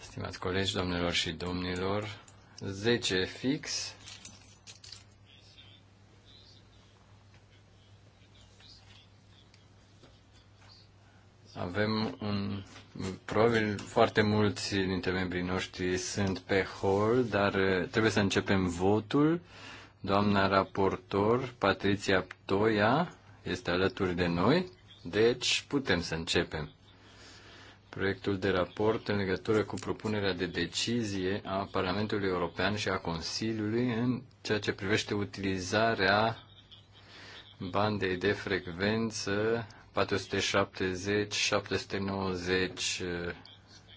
Stimați colegi, domnilor și domnilor, 10 fix. Avem un... Probabil foarte mulți dintre membrii noștri sunt pe hall, dar eh, trebuie să începem votul. Doamna raportor, Patricia Ptoia, este alături de noi, deci putem să începem proiectul de raport în legătură cu propunerea de decizie a Parlamentului European și a Consiliului în ceea ce privește utilizarea bandei de frecvență 470-790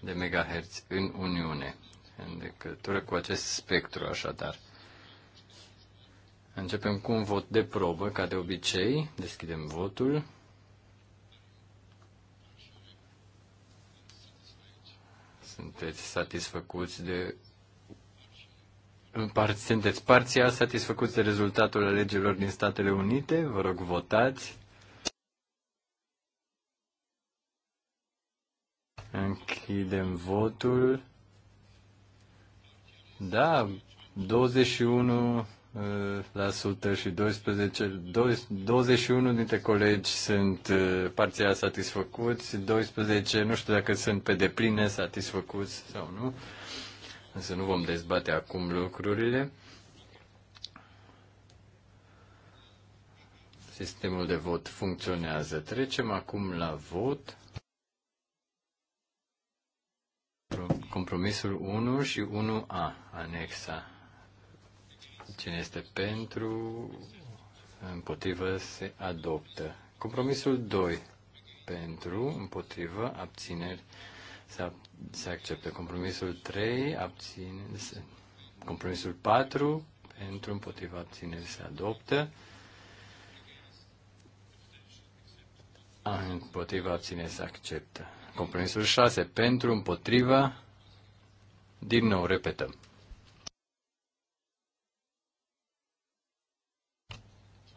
de MHz în Uniune, în legătură cu acest spectru, așadar. Începem cu un vot de probă, ca de obicei. Deschidem votul. sunteți satisfăcuți de sunteți parțial satisfăcuți de rezultatul alegerilor din Statele Unite? Vă rog, votați. Închidem votul. Da, 21 Eh, la și 12, 21 dintre colegi sunt eh, parțial satisfăcuți, 12 nu știu dacă sunt pe depline satisfăcuți sau nu, însă nu vom dezbate acum lucrurile. Sistemul de vot funcționează. Trecem acum la vot. Compromisul 1 și 1A, anexa Cine este pentru, împotrivă, se adoptă. Compromisul 2. Pentru, împotrivă, abțineri, se, se acceptă. Compromisul 3, abține, se, compromisul 4, pentru, împotrivă, abțineri, se adoptă. Ah, împotriva, abțineri, se acceptă. Compromisul 6, pentru, împotriva, din nou, repetăm.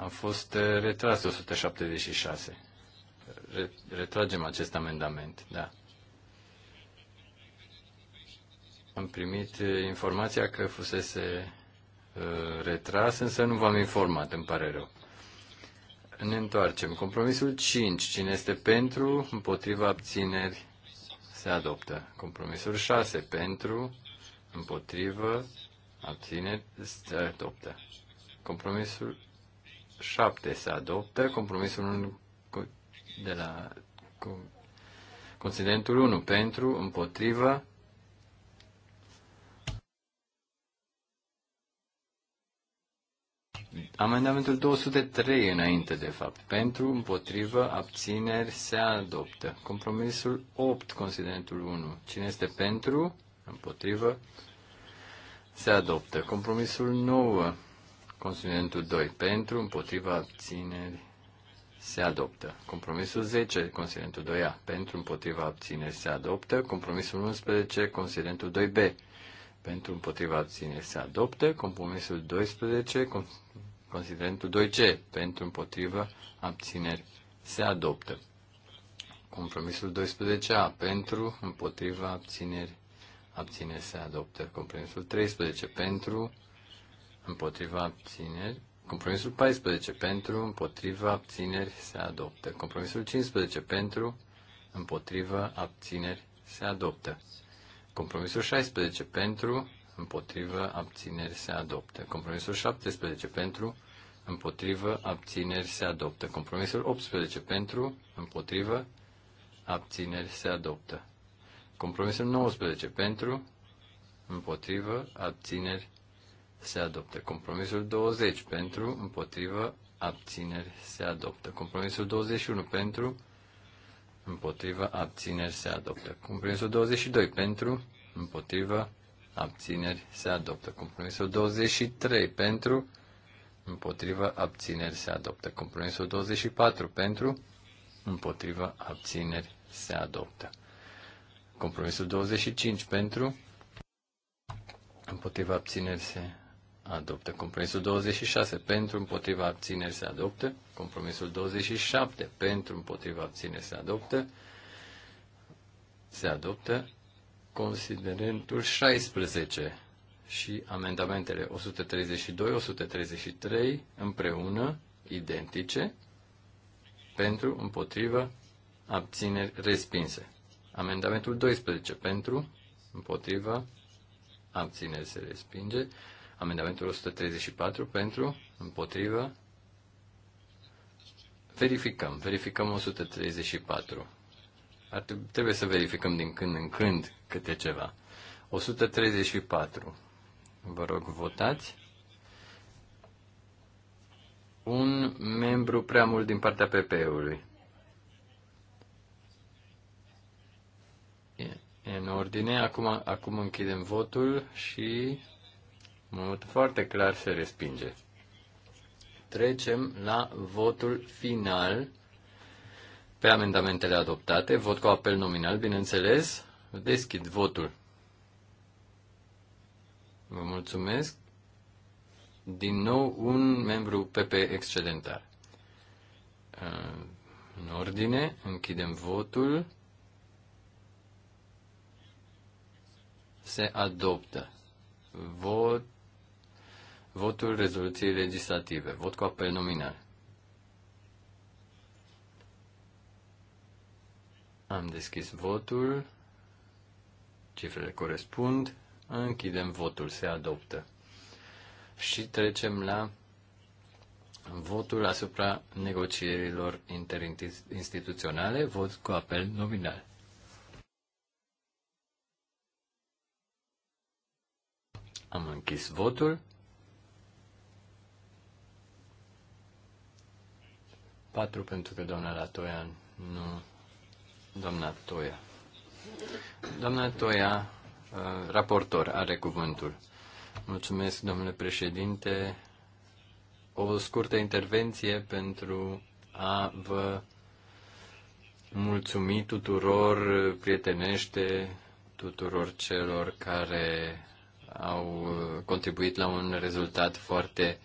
a fost eh, retras 176. Retragem acest amendament, da. Am primit eh, informația că fusese eh, retras, însă nu v-am informat, îmi pare rău. Ne întoarcem. Compromisul 5. Cine este pentru, împotriva abțineri, se adoptă. Compromisul 6. Pentru, împotrivă, abțineri, se adoptă. Compromisul 7 se adoptă, compromisul 1 de la considerentul 1 pentru, împotrivă, Amendamentul 203 înainte, de fapt. Pentru, împotrivă, abțineri, se adoptă. Compromisul 8, considerentul 1. Cine este pentru, împotrivă, se adoptă. Compromisul 9, Consulentul 2 pentru, împotriva abțineri se adoptă. Compromisul 10, considerentul 2A, pentru împotriva abțineri se adoptă. Compromisul 11, considerentul 2B, pentru împotriva abțineri se adoptă. Compromisul 12, considerentul 2C, pentru împotriva abțineri se adoptă. Compromisul 12A, pentru împotriva abțineri, abțineri se adoptă. Compromisul 13, pentru împotriva abțineri. Compromisul 14 pentru, împotriva abțineri se adoptă. Compromisul 15 pentru, împotriva abțineri se adoptă. Compromisul 16 pentru, împotriva abțineri se adoptă. Compromisul 17 pentru, împotriva abțineri se adoptă. Compromisul 18 pentru, împotriva abțineri se adoptă. Compromisul 19 pentru, împotriva abțineri se adoptă. Compromisul 20 pentru, împotrivă, abțineri se adoptă. Compromisul 21 pentru, împotrivă, abțineri se adoptă. Compromisul 22 pentru, împotrivă, abțineri se adoptă. Compromisul 23 pentru, împotrivă, abțineri se adoptă. Compromisul 24 pentru, împotrivă, abțineri se adoptă. Compromisul 25 pentru, împotriva abțineri se adoptă. Compromisul 26 pentru împotriva abțineri se adoptă. Compromisul 27 pentru împotriva abțineri se adoptă. Se adoptă considerentul 16 și amendamentele 132-133 împreună, identice, pentru împotrivă abțineri respinse. Amendamentul 12 pentru împotriva abțineri se respinge. Amendamentul 134 pentru, împotrivă. Verificăm, verificăm 134. Ar trebui, trebuie să verificăm din când în când câte ceva. 134. Vă rog, votați. Un membru prea mult din partea PP-ului. E în ordine. Acum, acum închidem votul și în mod foarte clar se respinge. Trecem la votul final pe amendamentele adoptate. Vot cu apel nominal, bineînțeles. Deschid votul. Vă mulțumesc. Din nou un membru PP excedentar. În ordine, închidem votul. Se adoptă. Vot Votul rezoluției legislative. Vot cu apel nominal. Am deschis votul. Cifrele corespund. Închidem votul. Se adoptă. Și trecem la votul asupra negocierilor interinstituționale. Vot cu apel nominal. Am închis votul 4 pentru că doamna Latoia nu... Doamna Toia. Doamna Toia, uh, raportor, are cuvântul. Mulțumesc, domnule președinte. O scurtă intervenție pentru a vă mulțumi tuturor prietenește, tuturor celor care au contribuit la un rezultat foarte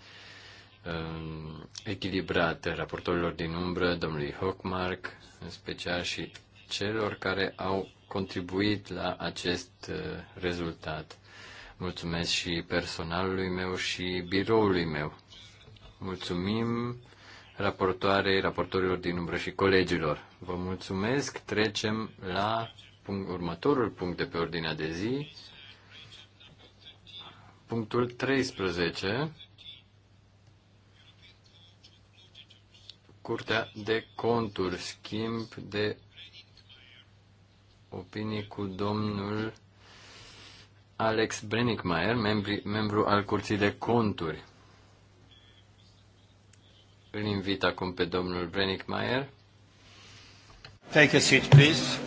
Um, echilibrate raportorilor din umbră, domnului Hockmark, în special și celor care au contribuit la acest uh, rezultat. Mulțumesc și personalului meu și biroului meu. Mulțumim raportoarei, raportorilor din umbră și colegilor. Vă mulțumesc. Trecem la punct, următorul punct de pe ordinea de zi. Punctul 13 Curtea de conturi, schimb de opinii cu domnul Alex Brenickmeier, membru al Curții de Conturi. Îl invit acum pe domnul Brenickmeier. Take a seat, please.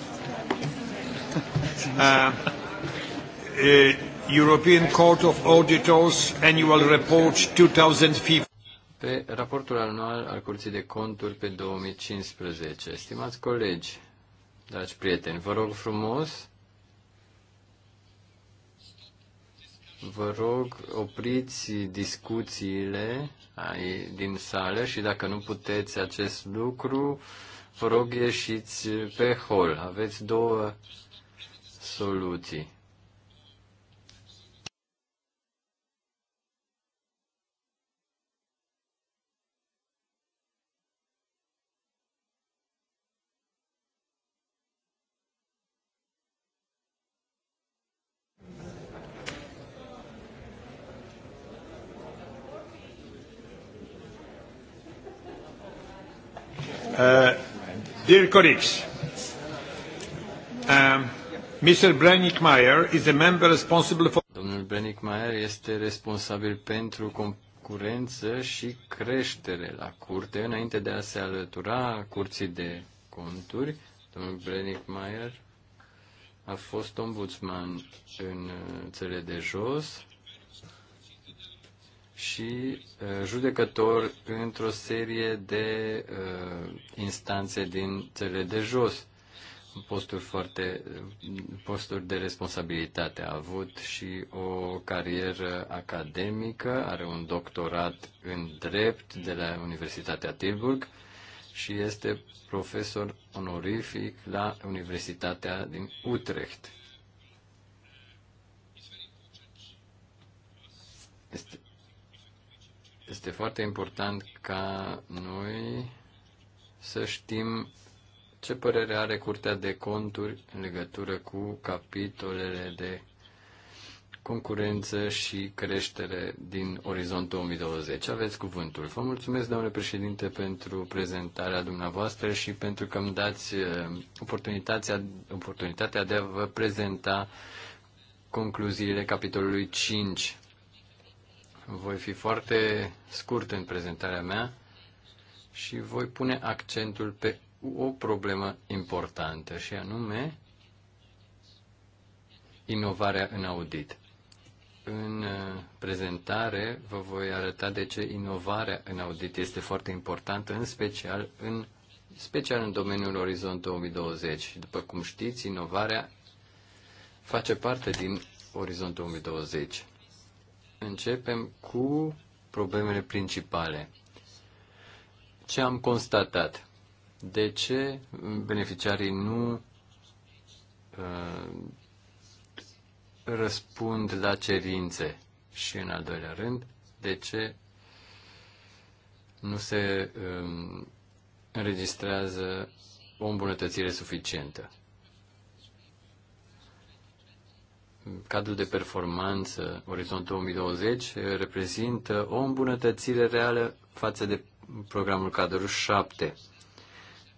Uh, uh, European Court of Auditors Annual Report 2015 pe raportul anual al Curții de Conturi pe 2015. Stimați colegi, dragi prieteni, vă rog frumos, vă rog opriți discuțiile din sală și dacă nu puteți acest lucru, vă rog ieșiți pe hol. Aveți două soluții. Dear colleagues, um, Domnul brennick este responsabil pentru concurență și creștere la curte înainte de a se alătura curții de conturi. Domnul brennick a fost ombudsman în uh, țările de jos, și uh, judecători într-o serie de uh, instanțe din țările de jos, posturi, foarte, uh, posturi de responsabilitate. A avut și o carieră academică, are un doctorat în drept de la Universitatea Tilburg și este profesor onorific la Universitatea din Utrecht. Este este foarte important ca noi să știm ce părere are Curtea de Conturi în legătură cu capitolele de concurență și creștere din orizont 2020. Aveți cuvântul. Vă mulțumesc, domnule președinte, pentru prezentarea dumneavoastră și pentru că îmi dați eh, oportunitatea, oportunitatea de a vă prezenta concluziile capitolului 5 voi fi foarte scurt în prezentarea mea și voi pune accentul pe o problemă importantă și anume inovarea în audit. În uh, prezentare vă voi arăta de ce inovarea în audit este foarte importantă, în special în, special în domeniul Orizont 2020. După cum știți, inovarea face parte din Orizont 2020. Începem cu problemele principale. Ce am constatat? De ce beneficiarii nu uh, răspund la cerințe? Și în al doilea rând, de ce nu se um, înregistrează o îmbunătățire suficientă? cadrul de performanță Orizont 2020 reprezintă o îmbunătățire reală față de programul cadru 7.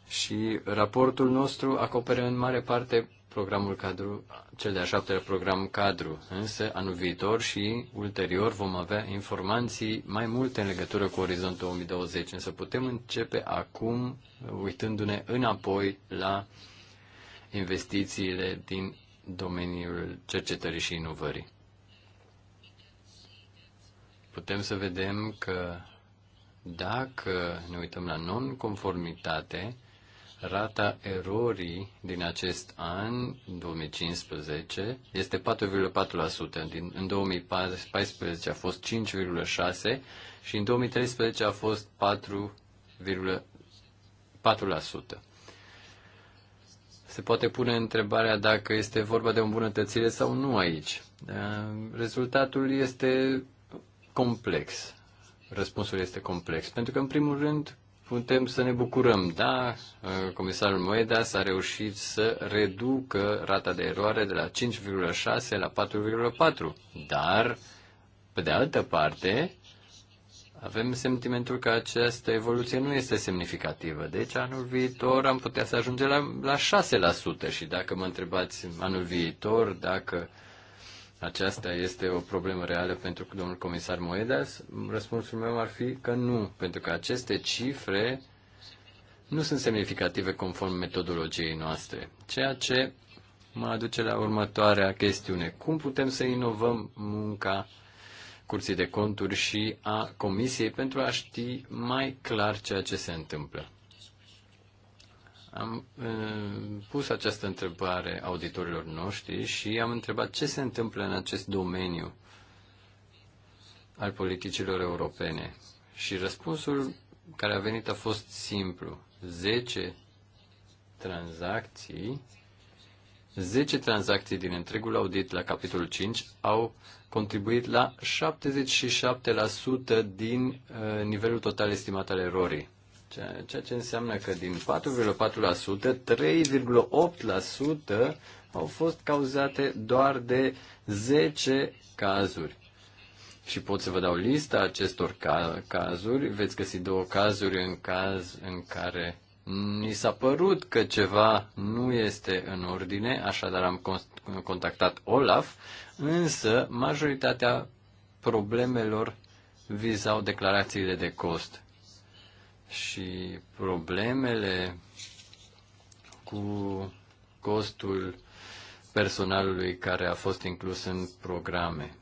Și raportul nostru acoperă în mare parte programul cadru, cel de-a șaptelea program cadru, însă anul viitor și ulterior vom avea informații mai multe în legătură cu Orizont 2020, însă putem începe acum uitându-ne înapoi la investițiile din domeniul cercetării și inovării. Putem să vedem că dacă ne uităm la nonconformitate, rata erorii din acest an, 2015, este 4,4%. Din, în 2014 a fost 5,6% și în 2013 a fost 4,4% se poate pune întrebarea dacă este vorba de o îmbunătățire sau nu aici. Da, rezultatul este complex. Răspunsul este complex. Pentru că, în primul rând, putem să ne bucurăm. Da, comisarul Moedas a reușit să reducă rata de eroare de la 5,6 la 4,4. Dar, pe de altă parte, avem sentimentul că această evoluție nu este semnificativă. Deci anul viitor am putea să ajungem la, la 6% și dacă mă întrebați anul viitor dacă aceasta este o problemă reală pentru domnul comisar Moedas, răspunsul meu ar fi că nu, pentru că aceste cifre nu sunt semnificative conform metodologiei noastre, ceea ce mă aduce la următoarea chestiune. Cum putem să inovăm munca Curții de Conturi și a Comisiei pentru a ști mai clar ceea ce se întâmplă. Am pus această întrebare auditorilor noștri și am întrebat ce se întâmplă în acest domeniu al politicilor europene. Și răspunsul care a venit a fost simplu. 10 tranzacții, 10 tranzacții din întregul audit la capitolul 5 au contribuit la 77% din uh, nivelul total estimat al erorii. Ceea ce înseamnă că din 4,4%, 3,8% au fost cauzate doar de 10 cazuri. Și pot să vă dau lista acestor ca- cazuri. Veți găsi două cazuri în, caz, în care ni s-a părut că ceva nu este în ordine, așadar am contactat Olaf însă majoritatea problemelor vizau declarațiile de cost și problemele cu costul personalului care a fost inclus în programe.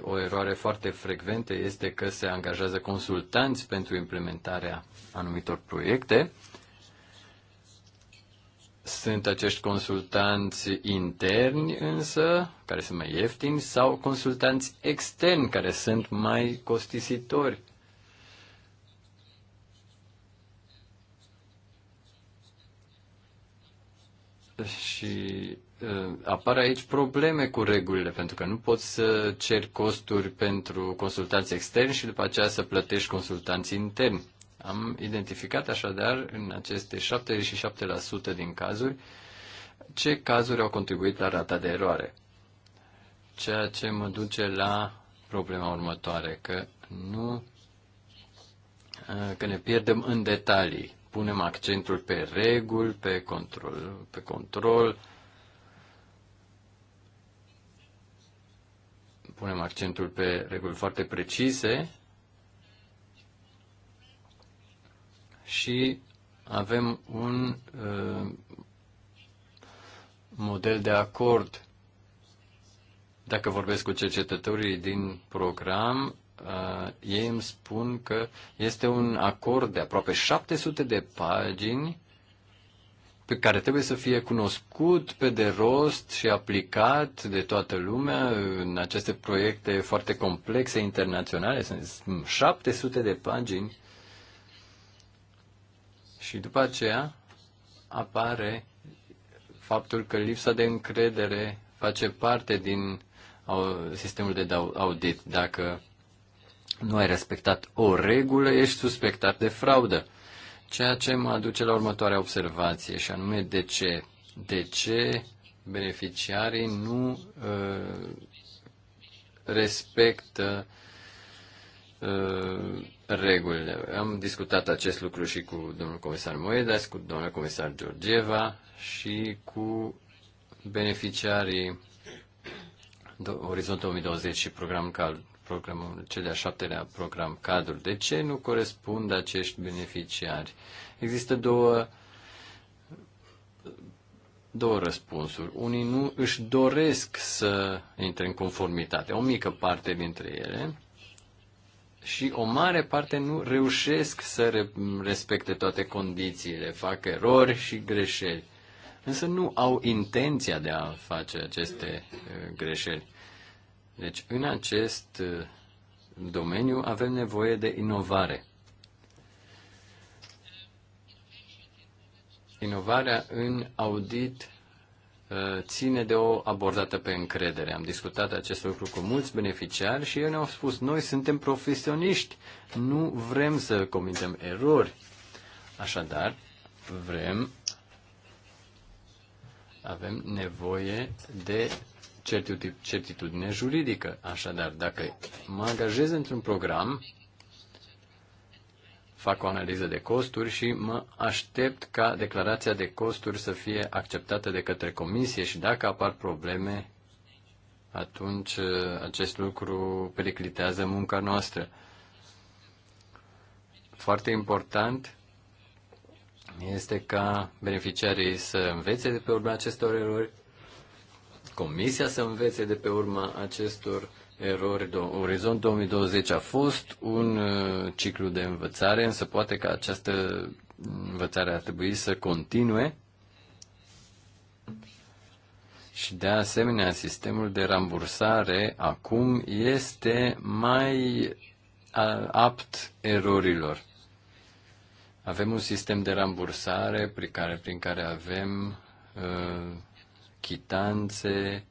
O eroare foarte frecventă este că se angajează consultanți pentru implementarea anumitor proiecte sunt acești consultanți interni însă, care sunt mai ieftini, sau consultanți externi, care sunt mai costisitori. Și uh, apar aici probleme cu regulile, pentru că nu poți să ceri costuri pentru consultanți externi și după aceea să plătești consultanți interni. Am identificat așadar în aceste 77% din cazuri ce cazuri au contribuit la rata de eroare. Ceea ce mă duce la problema următoare, că nu uh, că ne pierdem în detalii. Punem accentul pe reguli, pe control, pe control, punem accentul pe reguli foarte precise și avem un uh, model de acord. Dacă vorbesc cu cercetătorii din program, uh, ei îmi spun că este un acord de aproape 700 de pagini pe care trebuie să fie cunoscut pe de rost și aplicat de toată lumea în aceste proiecte foarte complexe internaționale. Sunt 700 de pagini și după aceea apare faptul că lipsa de încredere face parte din sistemul de audit. Dacă nu ai respectat o regulă, ești suspectat de fraudă. Ceea ce mă aduce la următoarea observație, și anume de ce. De ce beneficiarii nu uh, respectă Uh, regulile. Am discutat acest lucru și cu domnul comisar Moedas, cu domnul comisar Georgieva și cu beneficiarii Orizont 2020 și program cal, programul, cel de-a șaptelea program cadru. De ce nu corespund acești beneficiari? Există două, două răspunsuri. Unii nu își doresc să intre în conformitate, o mică parte dintre ele, și o mare parte nu reușesc să respecte toate condițiile, fac erori și greșeli, însă nu au intenția de a face aceste uh, greșeli. Deci, în acest uh, domeniu avem nevoie de inovare. Inovarea în audit ține de o abordată pe încredere. Am discutat acest lucru cu mulți beneficiari și ei ne-au spus, noi suntem profesioniști, nu vrem să comitem erori. Așadar, vrem, avem nevoie de certitudine juridică. Așadar, dacă mă angajez într-un program, fac o analiză de costuri și mă aștept ca declarația de costuri să fie acceptată de către comisie și dacă apar probleme, atunci uh, acest lucru periclitează munca noastră. Foarte important este ca beneficiarii să învețe de pe urma acestor erori, comisia să învețe de pe urma acestor erori. Orizont 2020 a fost un uh, ciclu de învățare, însă poate că această învățare ar trebui să continue și de asemenea, sistemul de rambursare acum este mai apt erorilor. Avem un sistem de rambursare prin care, prin care avem uh, chitanțe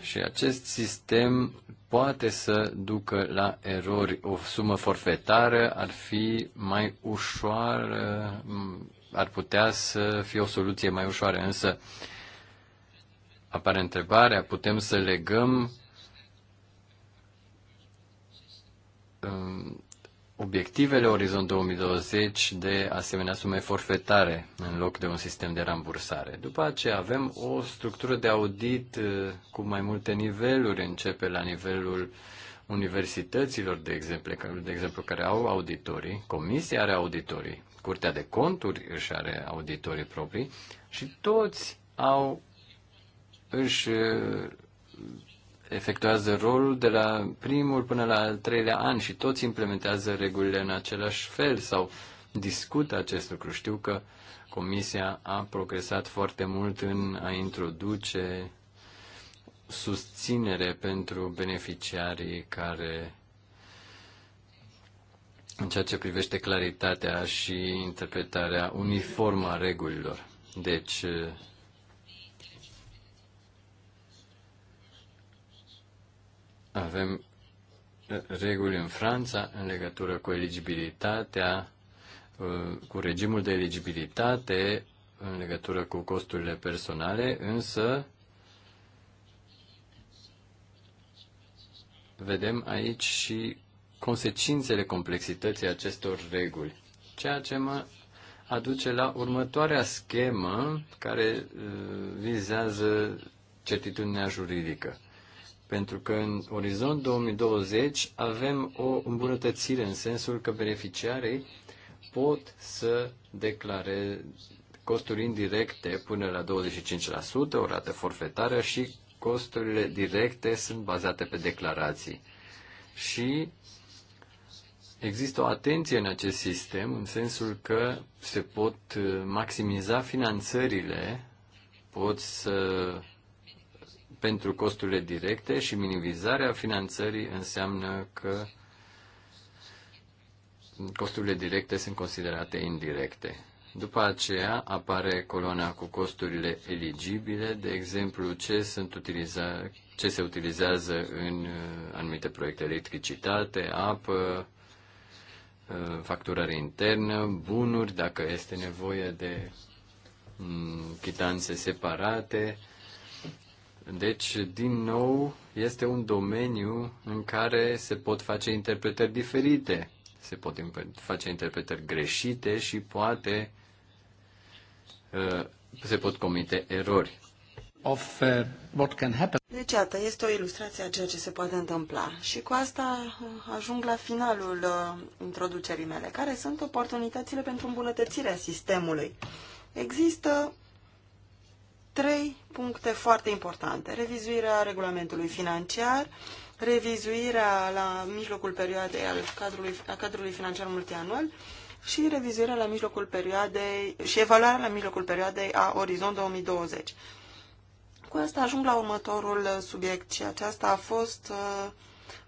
și acest sistem poate să ducă la erori. O sumă forfetară ar fi mai ușoară, ar putea să fie o soluție mai ușoară, însă apare întrebarea, putem să legăm um, obiectivele Orizont 2020 de asemenea sume forfetare în loc de un sistem de rambursare. După aceea avem o structură de audit uh, cu mai multe niveluri, începe la nivelul universităților, de exemplu, de exemplu care au auditorii, comisia are auditorii, Curtea de Conturi își are auditorii proprii și toți au își uh, efectuează rolul de la primul până la al treilea an și toți implementează regulile în același fel sau discută acest lucru. Știu că Comisia a progresat foarte mult în a introduce susținere pentru beneficiarii care în ceea ce privește claritatea și interpretarea uniformă a regulilor. Deci, Avem uh, reguli în Franța în legătură cu eligibilitatea, uh, cu regimul de eligibilitate în legătură cu costurile personale, însă vedem aici și consecințele complexității acestor reguli, ceea ce mă aduce la următoarea schemă care uh, vizează certitudinea juridică pentru că în orizont 2020 avem o îmbunătățire în sensul că beneficiarii pot să declare costuri indirecte până la 25%, o rată forfetară și costurile directe sunt bazate pe declarații. Și există o atenție în acest sistem, în sensul că se pot maximiza finanțările, pot să pentru costurile directe și minimizarea finanțării înseamnă că costurile directe sunt considerate indirecte. După aceea apare coloana cu costurile eligibile, de exemplu ce, sunt utiliza, ce se utilizează în uh, anumite proiecte, electricitate, apă, uh, facturare internă, bunuri, dacă este nevoie de mm, chitanțe separate, deci, din nou, este un domeniu în care se pot face interpretări diferite, se pot face interpretări greșite și poate uh, se pot comite erori. Of, uh, what can happen. Deci, iată, este o ilustrație a ceea ce se poate întâmpla. Și cu asta uh, ajung la finalul uh, introducerii mele. Care sunt oportunitățile pentru îmbunătățirea sistemului? Există trei puncte foarte importante. Revizuirea regulamentului financiar, revizuirea la mijlocul perioadei al cadrului, a cadrului financiar multianual și revizuirea la mijlocul perioadei și evaluarea la mijlocul perioadei a Orizont 2020. Cu asta ajung la următorul subiect și aceasta a fost uh,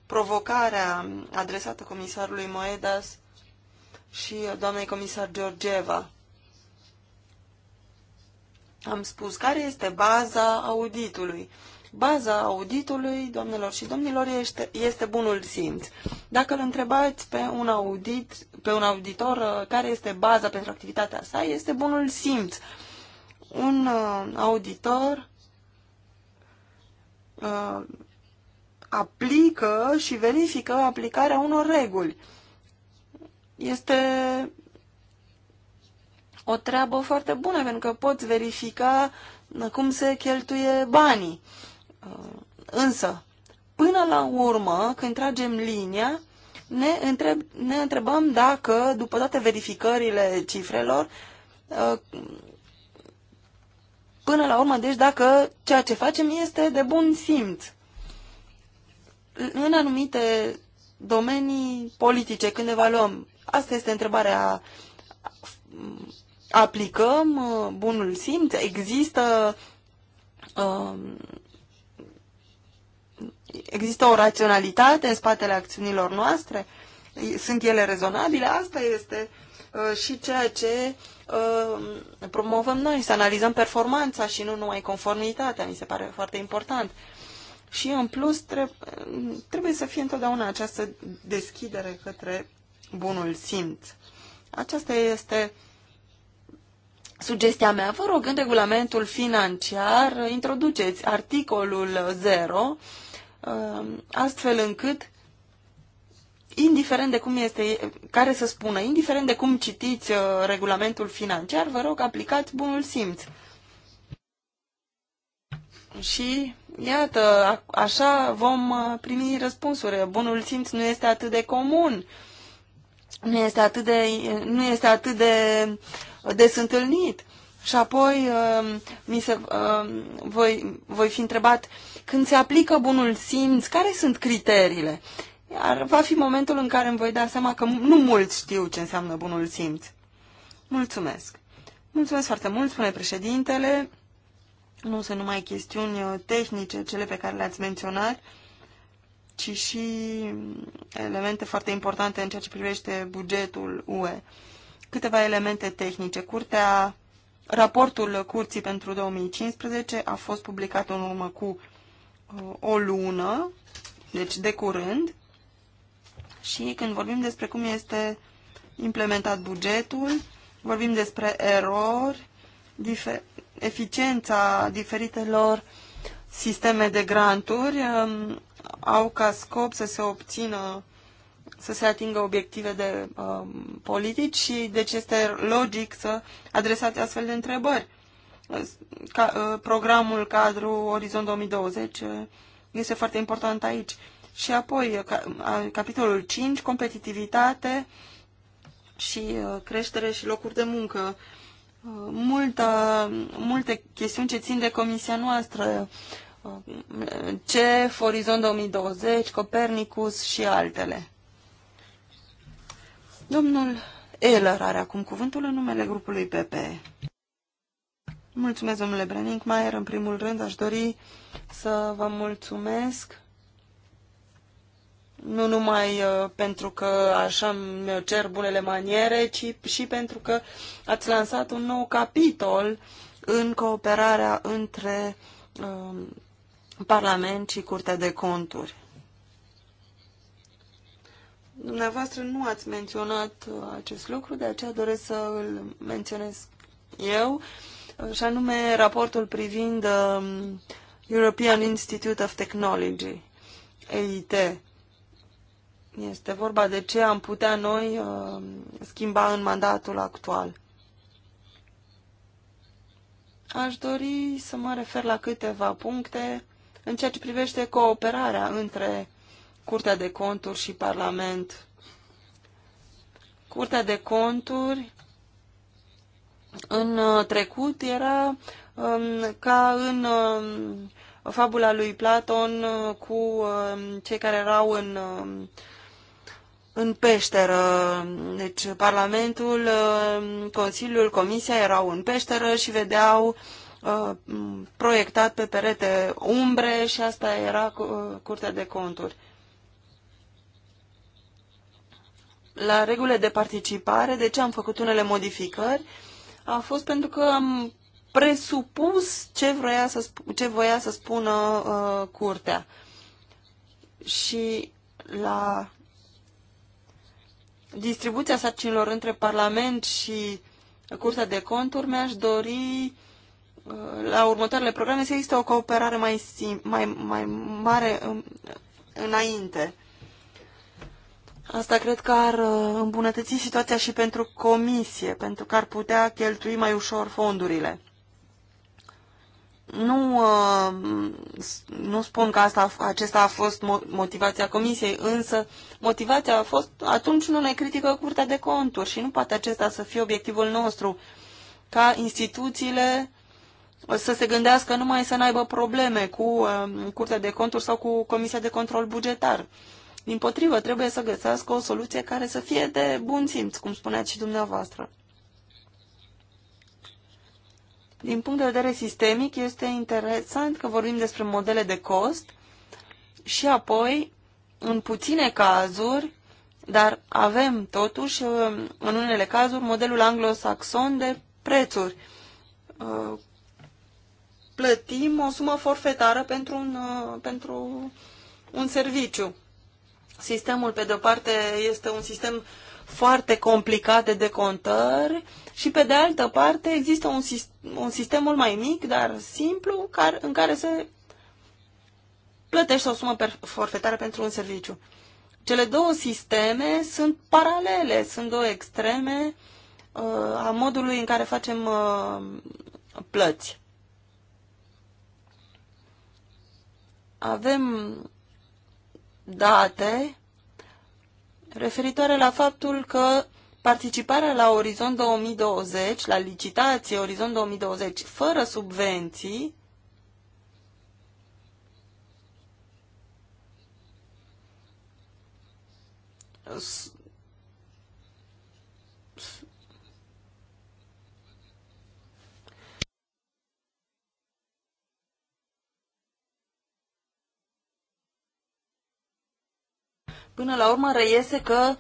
provocarea adresată comisarului Moedas și uh, doamnei comisar Georgieva am spus care este baza auditului. Baza auditului, doamnelor și domnilor, este, este bunul simț. Dacă îl întrebați pe un, audit, pe un auditor uh, care este baza pentru activitatea sa, este bunul simț. Un uh, auditor uh, aplică și verifică aplicarea unor reguli. Este o treabă foarte bună, pentru că poți verifica cum se cheltuie banii. Uh, însă, până la urmă, când tragem linia, ne, întreb, ne întrebăm dacă, după toate verificările cifrelor, uh, până la urmă, deci dacă ceea ce facem este de bun simț. În anumite domenii politice, când evaluăm, asta este întrebarea aplicăm uh, bunul simț, există um, există o raționalitate în spatele acțiunilor noastre, sunt ele rezonabile, asta este uh, și ceea ce um, promovăm noi, să analizăm performanța și nu numai conformitatea, mi se pare foarte important. Și în plus trebuie să fie întotdeauna această deschidere către bunul simț. Aceasta este uh, Sugestia mea, vă rog, în regulamentul financiar introduceți articolul 0, um, astfel încât, indiferent de cum este, care să spună, indiferent de cum citiți uh, regulamentul financiar, vă rog, aplicați bunul simț. Și iată, așa vom uh, primi răspunsuri. Bunul simț nu este atât de comun. Uh, nu este atât de, nu este atât de des întâlnit. Și apoi um, mi se, um, voi, voi fi întrebat când se aplică bunul simț, care sunt criteriile? Iar va fi momentul în care îmi voi da seama că nu mulți știu ce înseamnă bunul simț. Mulțumesc. Mulțumesc foarte mult, spune președintele. Nu sunt numai chestiuni uh, tehnice, cele pe care le-ați menționat ci și elemente foarte importante în ceea ce privește bugetul UE. Câteva elemente tehnice. Curtea, raportul Curții pentru 2015 a fost publicat în urmă cu uh, o lună, deci de curând, și când vorbim despre cum este implementat bugetul, vorbim despre erori, difer eficiența diferitelor sisteme de granturi, um, au ca scop să se obțină, să se atingă obiective de um, politici și deci este logic să adresați astfel de întrebări. Ca, uh, programul cadru Orizont 2020 uh, este foarte important aici. Și apoi, ca, uh, capitolul 5, competitivitate și uh, creștere și locuri de muncă. Uh, multă, multe chestiuni ce țin de comisia noastră, CEF, Orizont 2020, Copernicus și altele. Domnul Eller are acum cuvântul în numele grupului PPE. Mulțumesc, domnule mai În primul rând, aș dori să vă mulțumesc nu numai uh, pentru că așa îmi cer bunele maniere, ci și pentru că ați lansat un nou capitol în cooperarea între um, Parlament și Curtea de Conturi. Dumneavoastră nu ați menționat uh, acest lucru, de aceea doresc să îl menționez eu, uh, și anume raportul privind um, European Institute of Technology, EIT. Este vorba de ce am putea noi uh, schimba în mandatul actual. Aș dori să mă refer la câteva puncte în ceea ce privește cooperarea între Curtea de Conturi și Parlament, Curtea de Conturi în uh, trecut era um, ca în um, fabula lui Platon uh, cu um, cei care erau în, um, în peșteră. Deci Parlamentul, um, Consiliul, Comisia erau în peșteră și vedeau uh, Uh, proiectat pe perete umbre și asta era uh, Curtea de Conturi. La regulile de participare, de ce am făcut unele modificări, a fost pentru că am presupus ce voia să, sp- ce voia să spună uh, curtea. Și la distribuția sarcinilor între Parlament și Curtea de Conturi mi-aș dori uh, la următoarele programe să există o cooperare mai, sim, mai, mai mare în, înainte. Asta cred că ar uh, îmbunătăți situația și pentru comisie, pentru că ar putea cheltui mai ușor fondurile. Nu, uh, nu spun că asta, acesta a fost motivația comisiei, însă motivația a fost atunci nu ne critică Curtea de Conturi și nu poate acesta să fie obiectivul nostru ca instituțiile să se gândească numai să n-aibă probleme cu um, Curtea de Conturi sau cu Comisia de Control Bugetar. Din potrivă, trebuie să găsească o soluție care să fie de bun simț, cum spuneați și dumneavoastră. Din punct de vedere sistemic, este interesant că vorbim despre modele de cost și apoi, în puține cazuri, dar avem totuși, um, în unele cazuri, modelul anglosaxon de prețuri, uh, plătim o sumă forfetară pentru un, uh, pentru un serviciu. Sistemul, pe de-o parte, este un sistem foarte complicat de decontări și, pe de altă parte, există un, un sistem mult mai mic, dar simplu, care, în care se plătește o sumă forfetară pentru un serviciu. Cele două sisteme sunt paralele, sunt două extreme uh, a modului în care facem uh, plăți. avem date referitoare la faptul că participarea la Orizont 2020, la licitație Orizont 2020, fără subvenții, până la urmă reiese că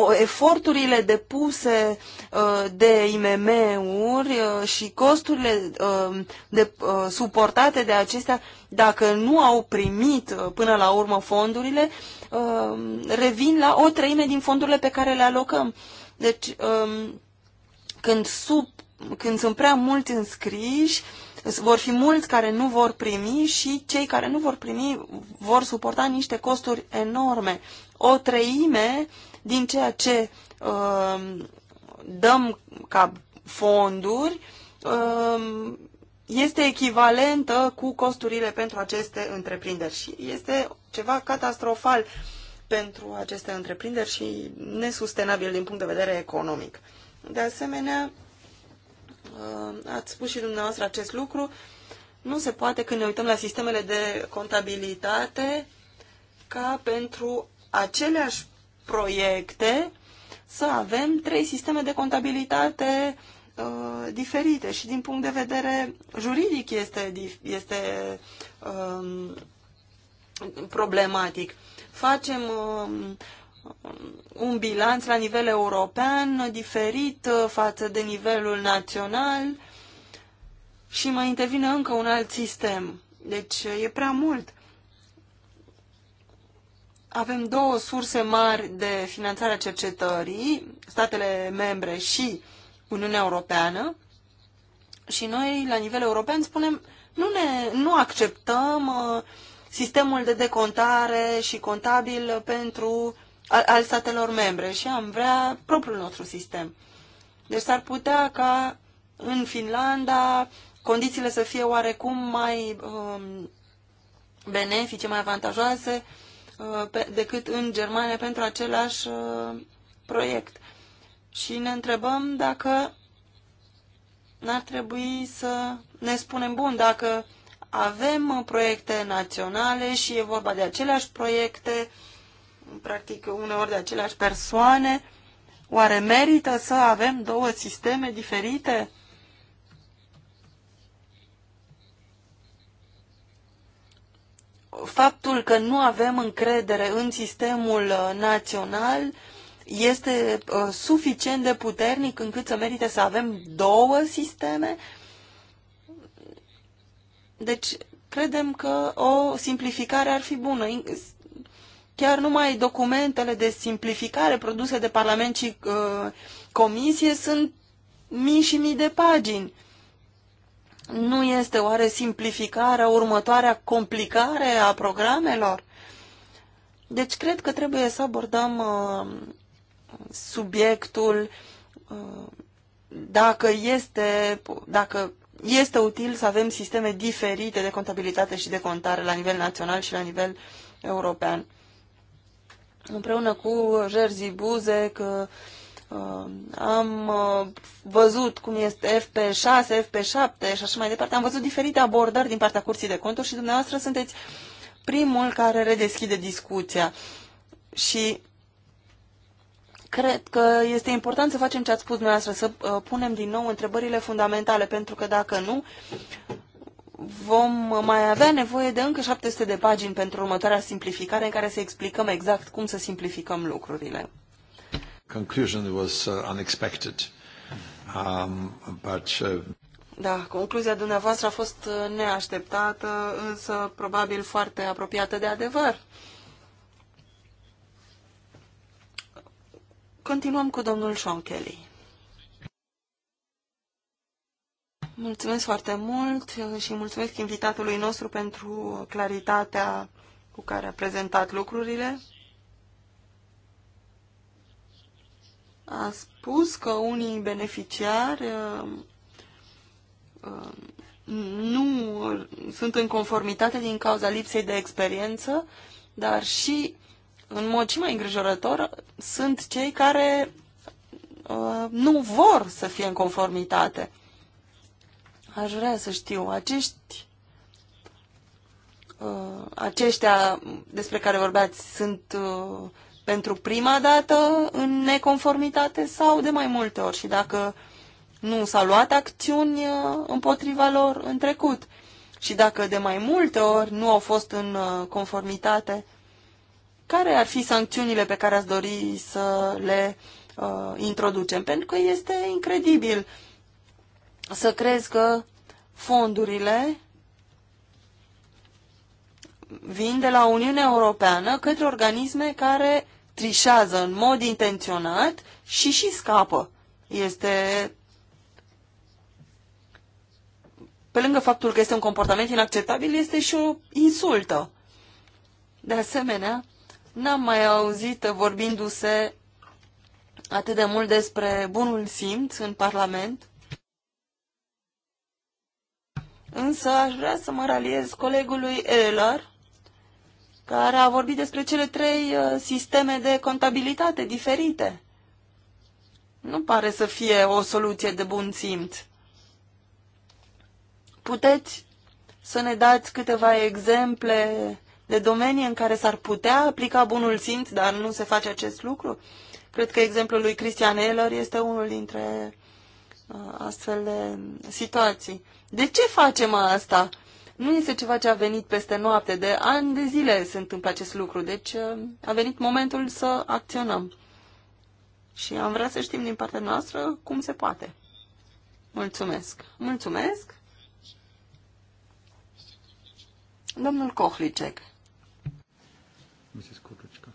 uh, eforturile depuse uh, de IMM-uri uh, și costurile uh, de, uh, suportate de acestea, dacă nu au primit uh, până la urmă fondurile, uh, revin la o treime din fondurile pe care le alocăm. Deci, uh, când, sub, când sunt prea mulți înscriși, vor fi mulți care nu vor primi și cei care nu vor primi vor suporta niște costuri enorme o treime din ceea ce uh, dăm ca fonduri uh, este echivalentă cu costurile pentru aceste întreprinderi și este ceva catastrofal pentru aceste întreprinderi și nesustenabil din punct de vedere economic. De asemenea, uh, ați spus și dumneavoastră acest lucru, nu se poate când ne uităm la sistemele de contabilitate ca pentru aceleași proiecte să avem trei sisteme de contabilitate uh, diferite și din punct de vedere juridic este, este um, problematic. Facem um, un bilanț la nivel european diferit uh, față de nivelul național și mai intervine încă un alt sistem. Deci uh, e prea mult avem două surse mari de finanțare a cercetării, statele membre și Uniunea Europeană. Și noi, la nivel european, spunem, nu, ne, nu acceptăm uh, sistemul de decontare și contabil pentru al, al statelor membre și am vrea propriul nostru sistem. Deci s-ar putea ca în Finlanda condițiile să fie oarecum mai um, benefice, mai avantajoase uh, Uh, decât în Germania pentru același uh, proiect. Și ne întrebăm dacă n-ar trebui să ne spunem, bun, dacă avem uh, proiecte naționale și e vorba de aceleași proiecte, practic uneori de aceleași persoane, oare merită să avem două sisteme diferite? faptul că nu avem încredere în sistemul uh, național este uh, suficient de puternic încât să merite să avem două sisteme? Deci, credem că o simplificare ar fi bună. Chiar numai documentele de simplificare produse de Parlament și uh, Comisie sunt mii și mii de pagini. Nu este oare simplificarea următoarea complicare a programelor? Deci cred că trebuie să abordăm uh, subiectul uh, dacă este, dacă este util să avem sisteme diferite de contabilitate și de contare la nivel național și la nivel european. Împreună cu Jerzy Buzek, uh, Uh, am uh, văzut cum este FP6, FP7 și așa mai departe. Am văzut diferite abordări din partea Curții de Conturi și dumneavoastră sunteți primul care redeschide discuția. Și cred că este important să facem ce ați spus dumneavoastră, să uh, punem din nou întrebările fundamentale, pentru că dacă nu, vom mai avea nevoie de încă 700 de pagini pentru următoarea simplificare în care să explicăm exact cum să simplificăm lucrurile. Conclusion was uh, unexpected. Um, but, uh... Da, concluzia dumneavoastră a fost uh, neașteptată, însă probabil foarte apropiată de adevăr. Continuăm cu domnul Sean Kelly. Mulțumesc foarte mult și mulțumesc invitatului nostru pentru claritatea cu care a prezentat lucrurile. a spus că unii beneficiari uh, uh, nu sunt în conformitate din cauza lipsei de experiență, dar și, în mod și mai îngrijorător, sunt cei care uh, nu vor să fie în conformitate. Aș vrea să știu, acești aceștia despre care vorbeați sunt pentru prima dată în neconformitate sau de mai multe ori și dacă nu s-a luat acțiuni uh, împotriva lor în trecut și dacă de mai multe ori nu au fost în uh, conformitate, care ar fi sancțiunile pe care ați dori să le uh, introducem? Pentru că este incredibil să crezi că fondurile vin de la Uniunea Europeană către organisme care trișează în mod intenționat și și scapă. Este pe lângă faptul că este un comportament inacceptabil, este și o insultă. De asemenea, n-am mai auzit vorbindu-se atât de mult despre bunul simț în Parlament, însă aș vrea să mă raliez colegului Eller, care a vorbit despre cele trei uh, sisteme de contabilitate diferite. Nu pare să fie o soluție de bun simț. Puteți să ne dați câteva exemple de domenii în care s-ar putea aplica bunul simț, dar nu se face acest lucru? Cred că exemplul lui Christian Eller este unul dintre uh, astfel de situații. De ce facem asta? Nu este ceva ce a venit peste noapte. De ani de zile se întâmplă acest lucru. Deci uh, a venit momentul să acționăm. Și am vrea să știm din partea noastră cum se poate. Mulțumesc. Mulțumesc. Domnul Kohlicek. Mrs. Kudrička.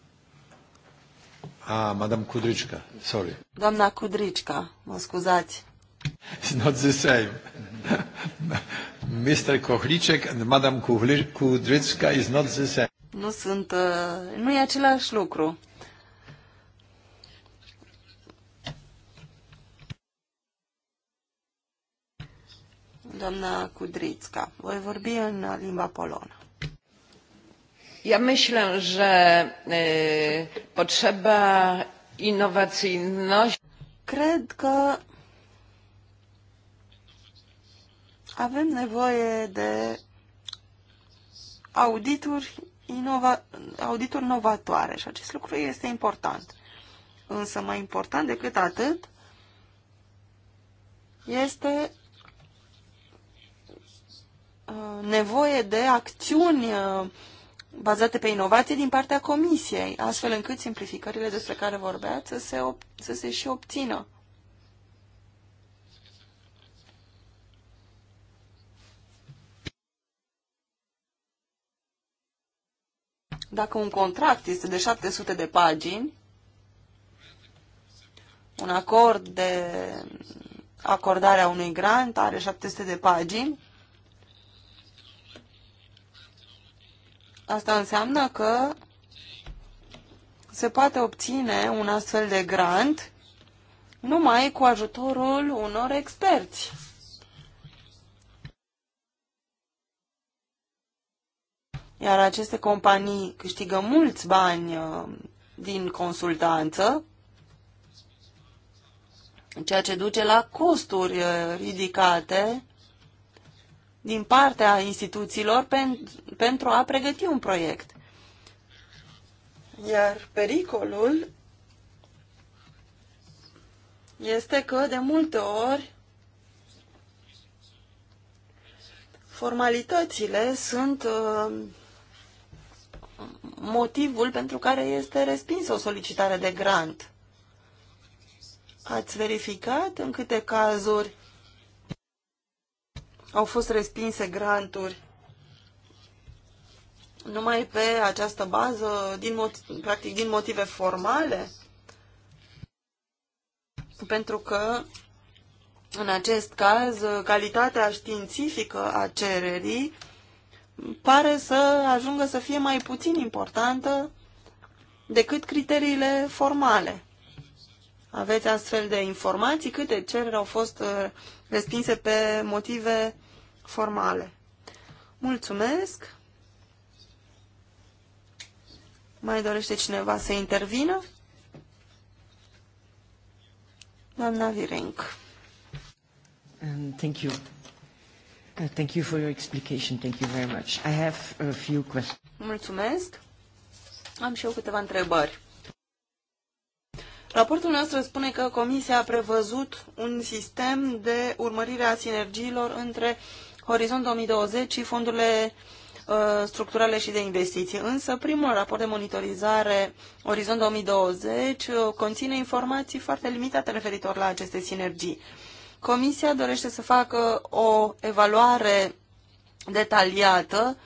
Ah, Madame Kudrička, sorry. Doamna Kudrička, mă scuzați. It's not the same. Mr. Kohlicek and Madame Kudrytska is not the same. Nu sunt, uh, nu e același lucru. Doamna Kudrytska, voi vorbi în limba polonă. Ja myślę, że y, potrzeba innowacyjności. Cred că Avem nevoie de audituri, inova, audituri novatoare și acest lucru este important. Însă mai important decât atât este uh, nevoie de acțiuni uh, bazate pe inovație din partea Comisiei, astfel încât simplificările despre care vorbeați să se, să se și obțină. Dacă un contract este de 700 de pagini, un acord de acordarea unui grant are 700 de pagini, asta înseamnă că se poate obține un astfel de grant numai cu ajutorul unor experți. iar aceste companii câștigă mulți bani uh, din consultanță, ceea ce duce la costuri uh, ridicate din partea instituțiilor pen, pentru a pregăti un proiect. Iar pericolul este că de multe ori formalitățile sunt uh, motivul pentru care este respinsă o solicitare de grant. Ați verificat în câte cazuri au fost respinse granturi numai pe această bază, din motiv, practic din motive formale? Pentru că, în acest caz, calitatea științifică a cererii pare să ajungă să fie mai puțin importantă decât criteriile formale. Aveți astfel de informații câte cereri au fost uh, respinse pe motive formale. Mulțumesc! Mai dorește cineva să intervină? Doamna Virenc. Thank you. Uh, thank you for your explication. Thank you very much. I have a few questions. Mulțumesc. Am și eu câteva întrebări. Raportul nostru spune că Comisia a prevăzut un sistem de urmărire a sinergiilor între Horizont 2020 și fondurile uh, structurale și de investiții. Însă primul raport de monitorizare Horizon 2020 uh, conține informații foarte limitate referitor la aceste sinergii. Uh, Comisia dorește să facă o evaluare detaliată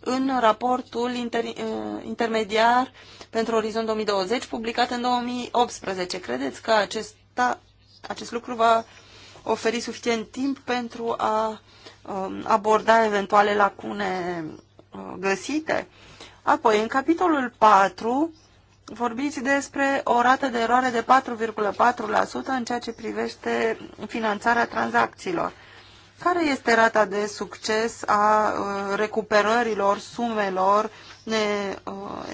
în raportul inter, eh, intermediar pentru Orizont 2020, publicat în 2018. Credeți că acesta, acest lucru va oferi suficient timp pentru a um, aborda eventuale lacune uh, găsite? Apoi, în capitolul 4, Vorbiți despre o rată de eroare de 4,4% în ceea ce privește finanțarea tranzacțiilor. Care este rata de succes a uh, recuperărilor sumelor uh,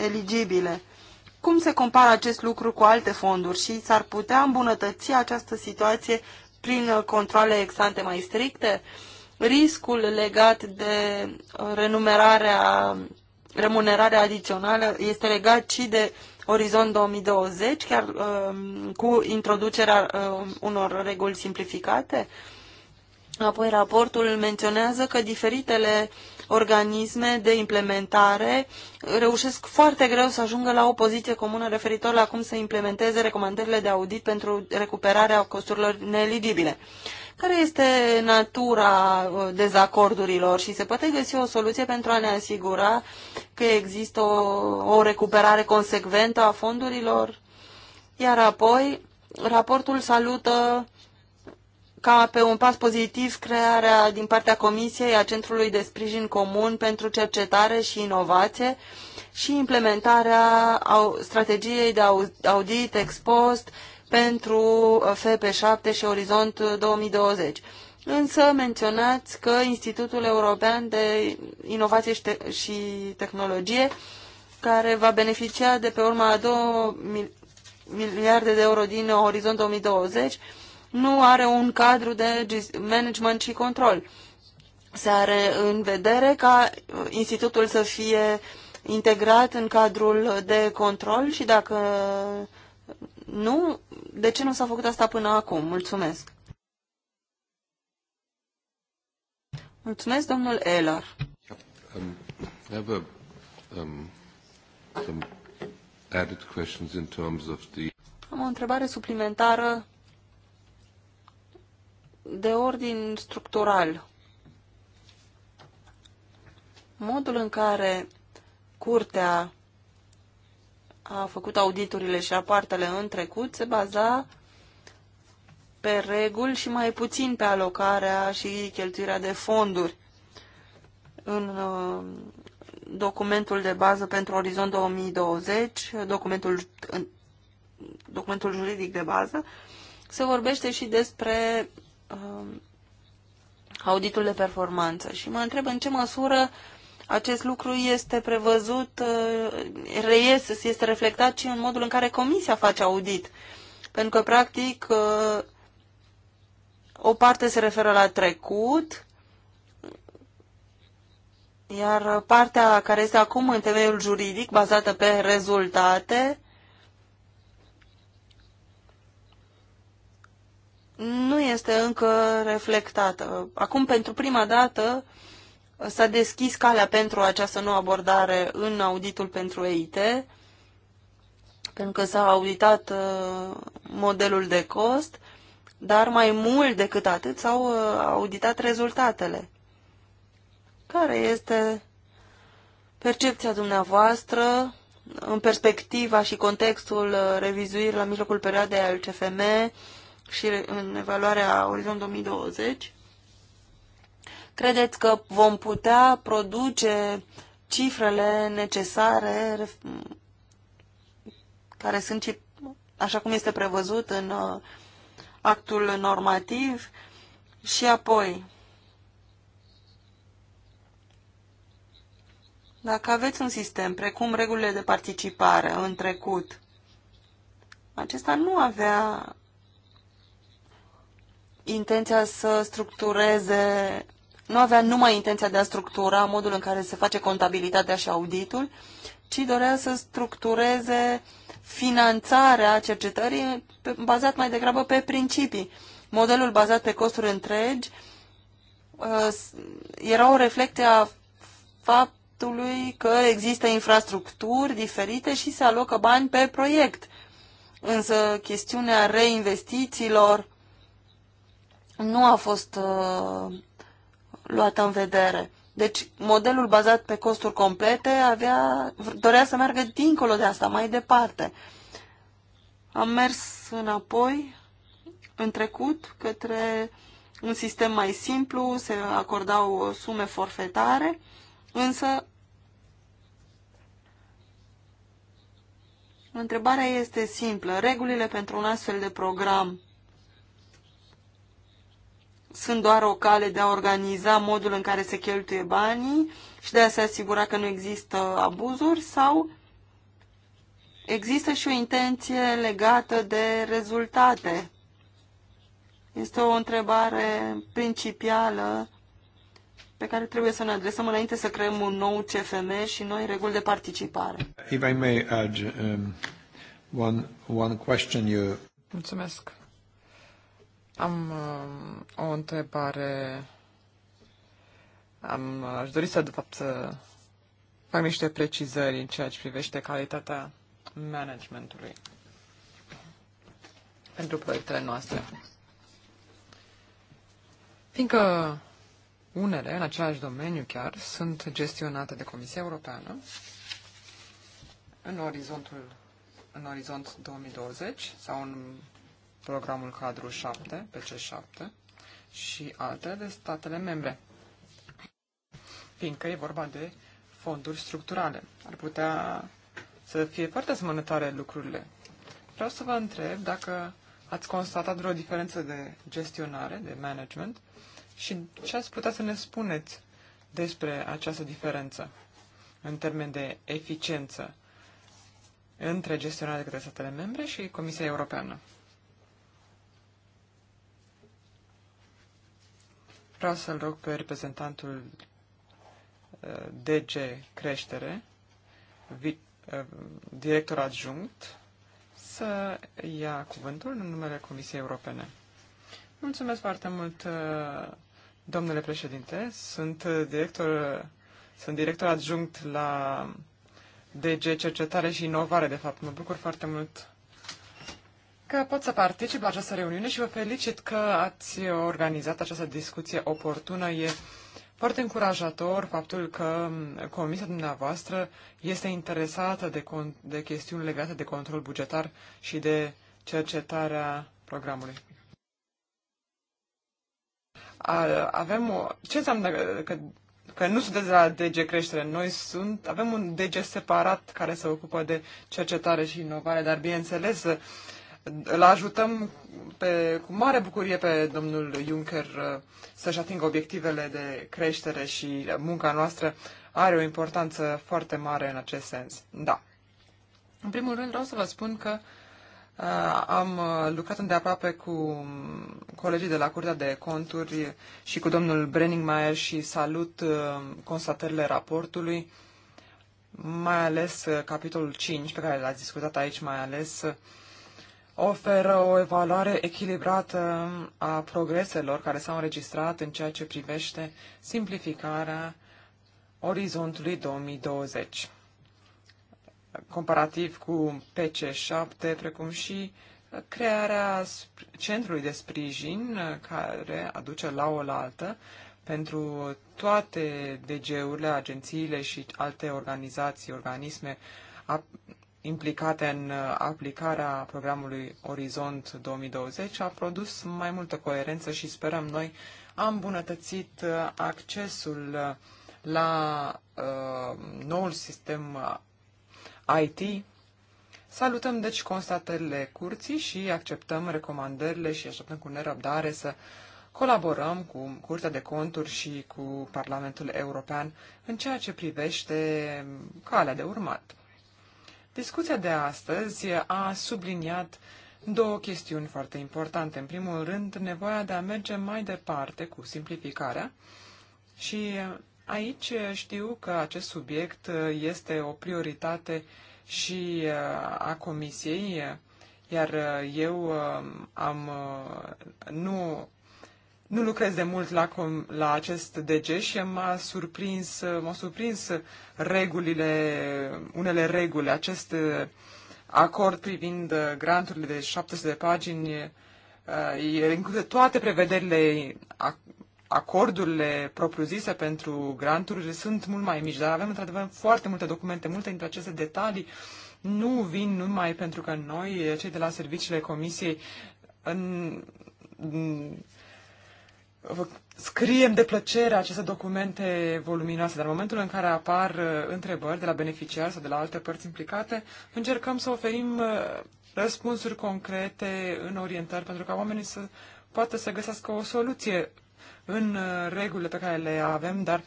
eligibile? Cum se compară acest lucru cu alte fonduri și s-ar putea îmbunătăți această situație prin uh, controle exante mai stricte? Riscul legat de renumerarea remunerarea adițională este legat și de Orizont 2020, chiar um, cu introducerea um, unor reguli simplificate? Apoi raportul menționează că diferitele organisme de implementare reușesc foarte greu să ajungă la o poziție comună referitor la cum să implementeze recomandările de audit pentru recuperarea costurilor neeligibile. Care este natura uh, dezacordurilor și se poate găsi o soluție pentru a ne asigura că există o, o recuperare consecventă a fondurilor? Iar apoi, raportul salută ca pe un pas pozitiv crearea din partea Comisiei a Centrului de Sprijin Comun pentru Cercetare și Inovație și implementarea strategiei de audit expost pentru uh, FP7 și Orizont 2020. Uh, Însă menționați că Institutul European de Inovație și, Te- și Tehnologie, care va beneficia de pe urma a 2 miliarde de euro din Orizont 2020, nu are un cadru de management și control. Se are în vedere ca uh, institutul să fie integrat în cadrul de control și dacă nu? De ce nu s-a făcut asta până acum? Mulțumesc. Mulțumesc, domnul Elar. Um, um, Am o întrebare suplimentară de ordin structural. Modul în care curtea a făcut auditurile și apartele în trecut se baza pe reguli și mai puțin pe alocarea și cheltuirea de fonduri. În uh, documentul de bază pentru Orizont 2020, documentul, documentul juridic de bază, se vorbește și despre uh, auditul de performanță și mă întreb în ce măsură uh, acest lucru este prevăzut, uh, reiese, este reflectat și în modul în care Comisia face audit. Pentru că, practic, uh, o parte se referă la trecut, iar partea care este acum în temeiul juridic, bazată pe rezultate, nu este încă reflectată. Acum, pentru prima dată, S-a deschis calea pentru această nouă abordare în auditul pentru EIT, pentru că s-a auditat uh, modelul de cost, dar mai mult decât atât s-au uh, auditat rezultatele. Care este percepția dumneavoastră în perspectiva și contextul uh, revizuirii la mijlocul perioadei al CFM și în evaluarea Orizont 2020? Credeți că vom putea produce cifrele necesare care sunt așa cum este prevăzut în uh, actul normativ și apoi Dacă aveți un sistem precum regulile de participare în trecut, acesta nu avea intenția să structureze nu avea numai intenția de a structura modul în care se face contabilitatea și auditul, ci dorea să structureze finanțarea cercetării bazat mai degrabă pe principii. Modelul bazat pe costuri întregi uh, era o reflecție a faptului că există infrastructuri diferite și se alocă bani pe proiect. Însă chestiunea reinvestițiilor nu a fost uh, luată în vedere. Deci modelul bazat pe costuri complete avea, dorea să meargă dincolo de asta, mai departe. Am mers înapoi, în trecut, către un sistem mai simplu, se acordau sume forfetare, însă întrebarea este simplă. Regulile pentru un astfel de program sunt doar o cale de a organiza modul în care se cheltuie banii și de a se asigura că nu există abuzuri sau există și o intenție legată de rezultate? Este o întrebare principială pe care trebuie să ne adresăm înainte să creăm un nou CFM și noi reguli de participare. If I may add, um, one, one question you... Mulțumesc. Am uh, o întrebare. Am, uh, aș dori să, de fapt, să fac niște precizări în ceea ce privește calitatea managementului pentru proiectele noastre. Fiindcă unele, în același domeniu chiar, sunt gestionate de Comisia Europeană în orizontul în orizont 2020 sau în programul cadru 7, PC7, și altele de statele membre, fiindcă e vorba de fonduri structurale. Ar putea să fie foarte asemănătoare lucrurile. Vreau să vă întreb dacă ați constatat vreo diferență de gestionare, de management, și ce ați putea să ne spuneți despre această diferență în termen de eficiență între gestionarea de către statele membre și Comisia Europeană. Vreau să-l rog pe reprezentantul uh, DG Creștere, uh, director adjunct, să ia cuvântul în numele Comisiei Europene. Mulțumesc foarte mult, uh, domnule președinte. Sunt director, sunt director adjunct la DG Cercetare și Inovare, de fapt. Mă bucur foarte mult că pot să particip la această reuniune și vă felicit că ați organizat această discuție oportună. E foarte încurajator faptul că comisia dumneavoastră este interesată de, de chestiuni legate de control bugetar și de cercetarea programului. Avem o... Ce înseamnă că, că nu sunteți la DG Creștere? Noi sunt, avem un DG separat care se ocupă de cercetare și inovare, dar bineînțeles îl ajutăm pe, cu mare bucurie pe domnul Juncker uh, să-și atingă obiectivele de creștere și munca noastră are o importanță foarte mare în acest sens. Da. În primul rând vreau să vă spun că uh, am uh, lucrat îndeaproape cu colegii de la Curtea de Conturi și cu domnul Brenningmeier și salut constatările raportului, mai ales capitolul 5 pe care l-ați discutat aici, mai ales oferă o evaluare echilibrată a progreselor care s-au înregistrat în ceea ce privește simplificarea orizontului 2020, comparativ cu PC7, precum și crearea centrului de sprijin uh, care aduce la oaltă pentru toate DG-urile, agențiile și alte organizații, organisme implicate în uh, aplicarea programului Orizont 2020 a produs mai multă coerență și sperăm noi a îmbunătățit uh, accesul uh, la uh, noul sistem IT. Salutăm deci constatările curții și acceptăm recomandările și așteptăm cu nerăbdare să colaborăm cu Curtea de Conturi și cu Parlamentul European în ceea ce privește calea de urmat. Discuția de astăzi a subliniat două chestiuni foarte importante. În primul rând, nevoia de a merge mai departe cu simplificarea și aici știu că acest subiect este o prioritate și uh, a Comisiei, iar eu uh, am, uh, nu nu lucrez de mult la, la acest DG și m-a surprins, m-au surprins regulile, unele reguli. Acest uh, acord privind uh, granturile de 700 de pagini uh, include toate prevederile acordurile propriu-zise pentru granturi sunt mult mai mici, dar avem într-adevăr foarte multe documente, multe dintre aceste detalii nu vin numai pentru că noi, cei de la serviciile comisiei, în, scriem de plăcere aceste documente voluminoase, dar în momentul în care apar uh, întrebări de la beneficiari sau de la alte părți implicate, încercăm să oferim uh, răspunsuri concrete în orientări pentru ca oamenii să poată să găsească o soluție în uh, regulile pe care le avem, dar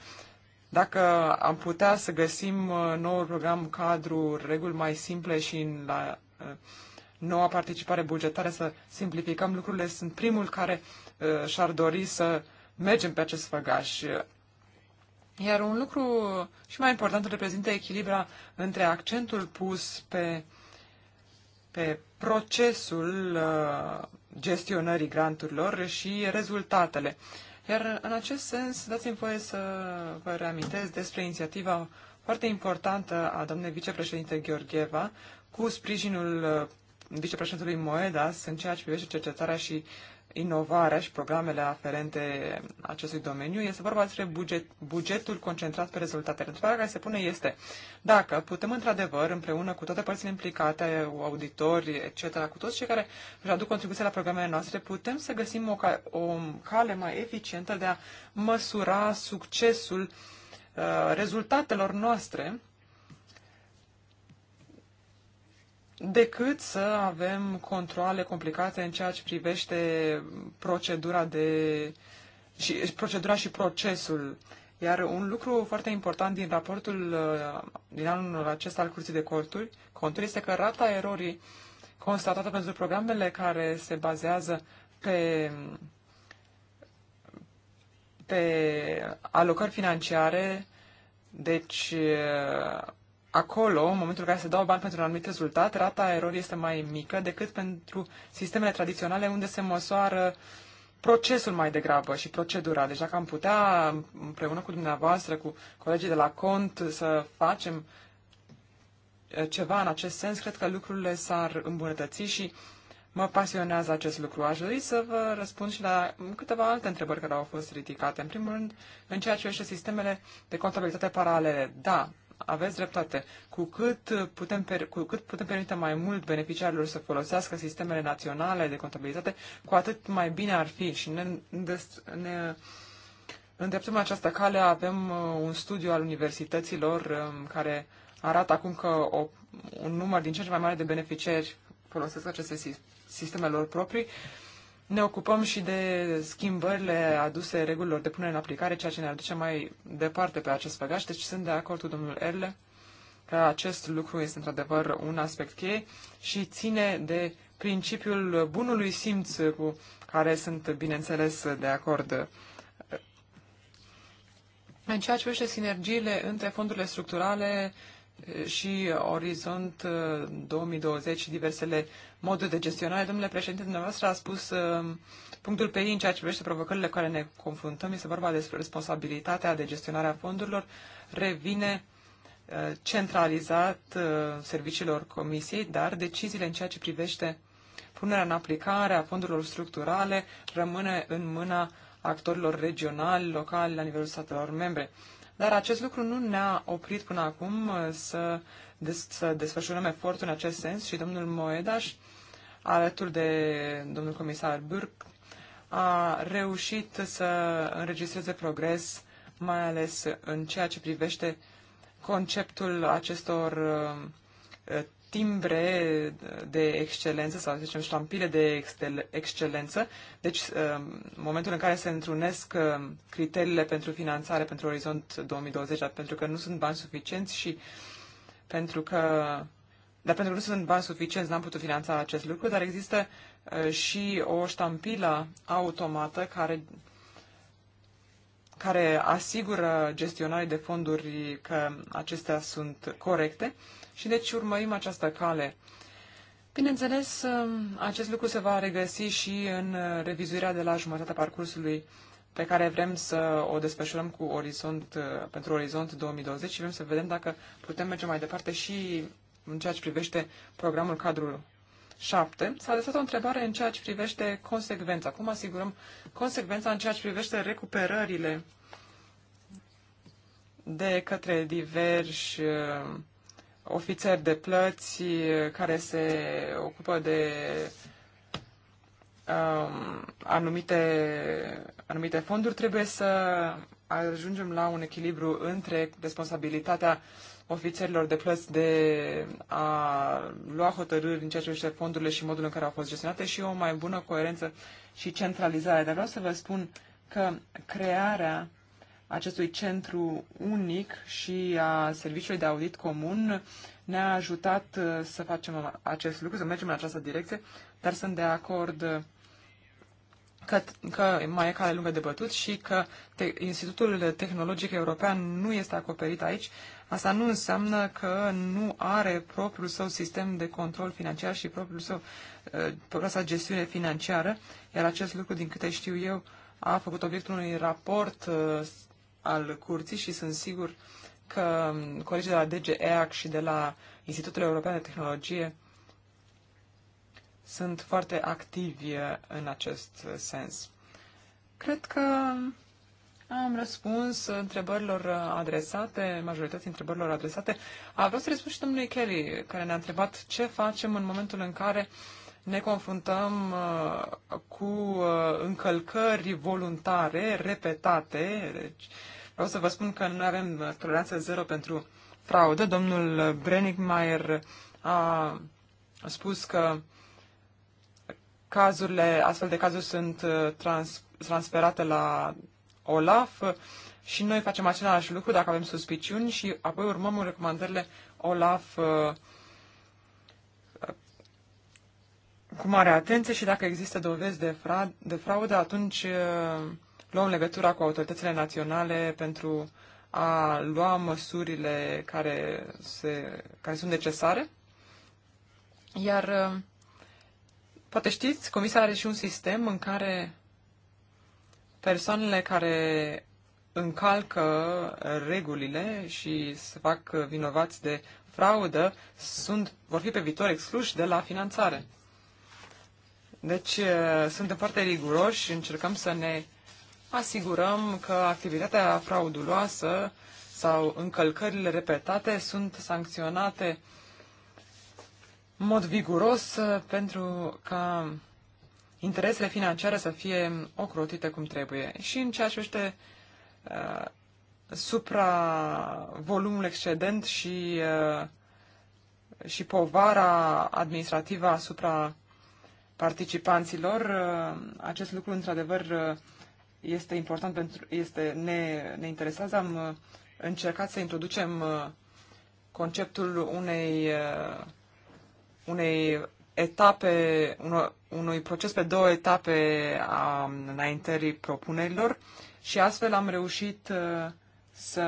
dacă am putea să găsim noul program cadru, reguli mai simple și în la, noua participare bugetară, să simplificăm lucrurile. Sunt primul care uh, și-ar dori să mergem pe acest făgaș. Iar un lucru și mai important reprezintă echilibra între accentul pus pe, pe procesul uh, gestionării granturilor și rezultatele. Iar în acest sens, dați-mi voie să vă reamintesc despre inițiativa foarte importantă a doamnei vicepreședinte Gheorgheva cu sprijinul uh, vicepreședintelui Moedas în ceea ce privește cercetarea și inovarea și programele aferente acestui domeniu. Este vorba despre buget, bugetul concentrat pe rezultate. Întrebarea care se pune este dacă putem într-adevăr, împreună cu toate părțile implicate, auditori, etc., cu toți cei care își aduc contribuția la programele noastre, putem să găsim o, ca, o cale mai eficientă de a măsura succesul uh, rezultatelor noastre decât să avem controle complicate în ceea ce privește procedura de și procedura și procesul. Iar un lucru foarte important din raportul uh, din anul acesta al Curții de Conturi, conturi este că rata erorii constatată pentru programele care se bazează pe, pe alocări financiare, deci uh, acolo, în momentul în care se dau bani pentru un anumit rezultat, rata erorii este mai mică decât pentru sistemele tradiționale unde se măsoară procesul mai degrabă și procedura. Deci dacă am putea împreună cu dumneavoastră, cu colegii de la cont, să facem eh, ceva în acest sens, cred că lucrurile s-ar îmbunătăți și mă pasionează acest lucru. Aș dori să vă răspund și la câteva alte întrebări care au fost ridicate. În primul rând, în ceea ce privește sistemele de contabilitate paralele. Da, aveți dreptate. Cu cât, uh, putem, cu cât putem permite mai mult beneficiarilor să folosească sistemele naționale de contabilitate, cu atât mai bine ar fi și ne, ne îndreptăm această cale. Avem uh, un studiu al universităților um, care arată acum că o, un număr din ce mai mare de beneficiari folosesc aceste sisteme lor proprii. Uh, ne ocupăm și de schimbările aduse regulilor de punere în aplicare, ceea ce ne aduce mai departe pe acest făgaș. Deci sunt de acord cu domnul Erle că acest lucru este într-adevăr un aspect cheie și ține de principiul bunului simț cu care sunt, bineînțeles, de acord. În ceea ce privește sinergiile între fondurile structurale și Orizont 2020 și diversele modul de gestionare. Domnule președinte, dumneavoastră a spus uh, punctul pe ei în ceea ce privește provocările cu care ne confruntăm. Este vorba despre responsabilitatea de gestionare a fondurilor. Revine uh, centralizat uh, serviciilor comisiei, dar deciziile în ceea ce privește punerea în aplicare a fondurilor structurale rămâne în mâna actorilor regionali, locali, la nivelul statelor membre. Dar acest lucru nu ne-a oprit până acum uh, să, des, să desfășurăm efortul în acest sens și domnul Moedaș alături de domnul comisar Burk a reușit să înregistreze progres, mai ales în ceea ce privește conceptul acestor uh, timbre de excelență sau, să zicem, ștampile de excelență. Deci, uh, momentul în care se întrunesc uh, criteriile pentru finanțare pentru Orizont 2020, pentru că nu sunt bani suficienți și pentru că dar pentru că nu sunt bani suficienți, n-am putut finanța acest lucru, dar există uh, și o ștampilă automată care, care asigură gestionarii de fonduri că acestea sunt corecte și deci urmărim această cale. Bineînțeles, acest lucru se va regăsi și în revizuirea de la jumătatea parcursului pe care vrem să o desfășurăm cu orizont, pentru Orizont 2020 și vrem să vedem dacă putem merge mai departe și în ceea ce privește programul cadrul 7, s-a adresat o întrebare în ceea ce privește consecvența. Cum asigurăm consecvența în ceea ce privește recuperările de către diversi uh, ofițeri de plăți uh, care se ocupă de um, anumite, anumite fonduri, trebuie să ajungem la un echilibru între responsabilitatea ofițerilor de plăți de a lua hotărâri în ceea ce privește fondurile și modul în care au fost gestionate și o mai bună coerență și centralizare. Dar vreau să vă spun că crearea acestui centru unic și a serviciului de audit comun ne-a ajutat uh, să facem acest lucru, să mergem în această direcție, dar sunt de acord uh, că, că mai e cale lungă de bătut și că te, Institutul Tehnologic European nu este acoperit aici. Asta nu înseamnă că nu are propriul său sistem de control financiar și propriul său, uh, propria sa gestiune financiară, iar acest lucru, din câte știu eu, a făcut obiectul unui raport uh, al curții și sunt sigur că um, colegii de la DG EAC și de la Institutul European de Tehnologie sunt foarte activi uh, în acest sens. Cred că um, am răspuns întrebărilor adresate, majoritatea întrebărilor adresate. A vrut să răspund și domnului Kelly, care ne-a întrebat ce facem în momentul în care ne confruntăm uh, cu uh, încălcări voluntare, repetate. Deci, vreau să vă spun că nu avem uh, toleranță zero pentru fraudă. Domnul Brenigmeier a spus că cazurile, astfel de cazuri sunt trans, transferate la OLAF și noi facem același lucru dacă avem suspiciuni și apoi urmăm recomandările OLAF uh, uh, cu mare atenție și dacă există dovezi de, fra- de fraudă, atunci uh, luăm legătura cu autoritățile naționale pentru a lua măsurile care, se, care sunt necesare. Iar, poate știți, Comisia are și un sistem în care persoanele care încalcă regulile și se fac vinovați de fraudă sunt, vor fi pe viitor excluși de la finanțare. Deci eh, suntem foarte riguroși, încercăm să ne asigurăm că activitatea frauduloasă sau încălcările repetate sunt sancționate în mod viguros eh, pentru ca interesele financiare să fie ocrotite cum trebuie. Și în ceea ce este uh, supra volumul excedent și, uh, și povara administrativă asupra participanților, uh, acest lucru într-adevăr uh, este important pentru, este, ne, ne interesează. Am uh, încercat să introducem uh, conceptul unei, uh, unei etape, unui proces pe două etape a înaintării propunerilor și astfel am reușit uh, să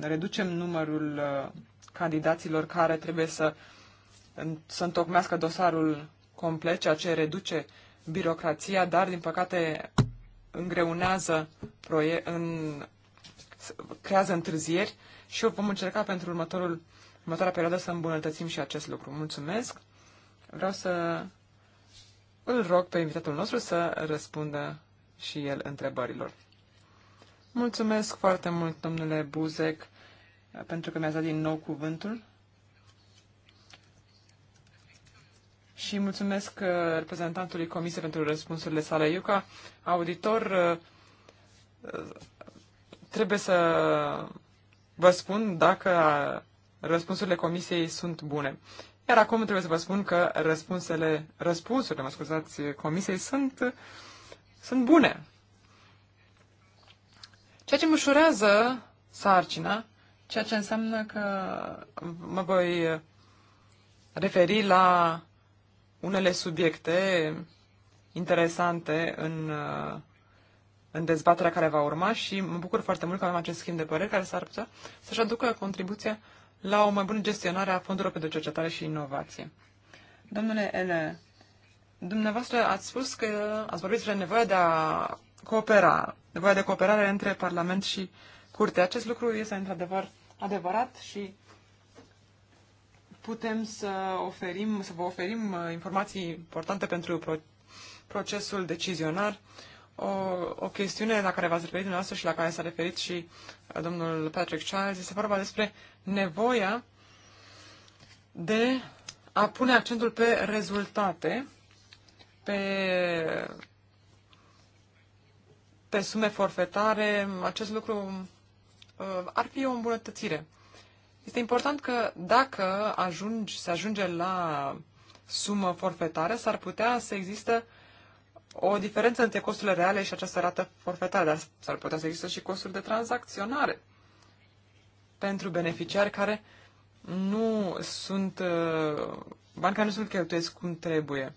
reducem numărul uh, candidaților care trebuie să, să întocmească dosarul complet, ceea ce reduce birocrația, dar din păcate îngreunează, proie- în, creează întârzieri și vom încerca pentru următorul, următoarea perioadă să îmbunătățim și acest lucru. Mulțumesc! vreau să îl rog pe invitatul nostru să răspundă și el întrebărilor. Mulțumesc foarte mult, domnule Buzec, pentru că mi a dat din nou cuvântul. Și mulțumesc uh, reprezentantului Comisiei pentru răspunsurile sale. Eu, ca auditor, uh, uh, trebuie să vă spun dacă răspunsurile Comisiei sunt bune. Iar acum trebuie să vă spun că răspunsele, răspunsurile, mă scuzați, comisiei sunt, sunt bune. Ceea ce mă ușurează sarcina, ceea ce înseamnă că mă voi referi la unele subiecte interesante în, în dezbaterea care va urma și mă bucur foarte mult că avem acest schimb de păreri care s-ar putea să-și aducă contribuția la o mai bună gestionare a fondurilor pentru cercetare și inovație. Domnule Ele, dumneavoastră ați spus că ați vorbit despre nevoia de a coopera, nevoia de cooperare între Parlament și Curte. Acest lucru este într-adevăr adevărat și putem să oferim, să vă oferim uh, informații importante pentru procesul decizionar o, o chestiune la care v-ați referit dumneavoastră și la care s-a referit și uh, domnul Patrick Charles. Este vorba despre nevoia de a pune accentul pe rezultate, pe, pe sume forfetare. Acest lucru uh, ar fi o îmbunătățire. Este important că dacă ajungi, se ajunge la sumă forfetară, s-ar putea să există o diferență între costurile reale și această rată forfetară, dar s-ar putea să există și costuri de tranzacționare pentru beneficiari care nu sunt, uh, bani care nu sunt cheltuiesc cum trebuie.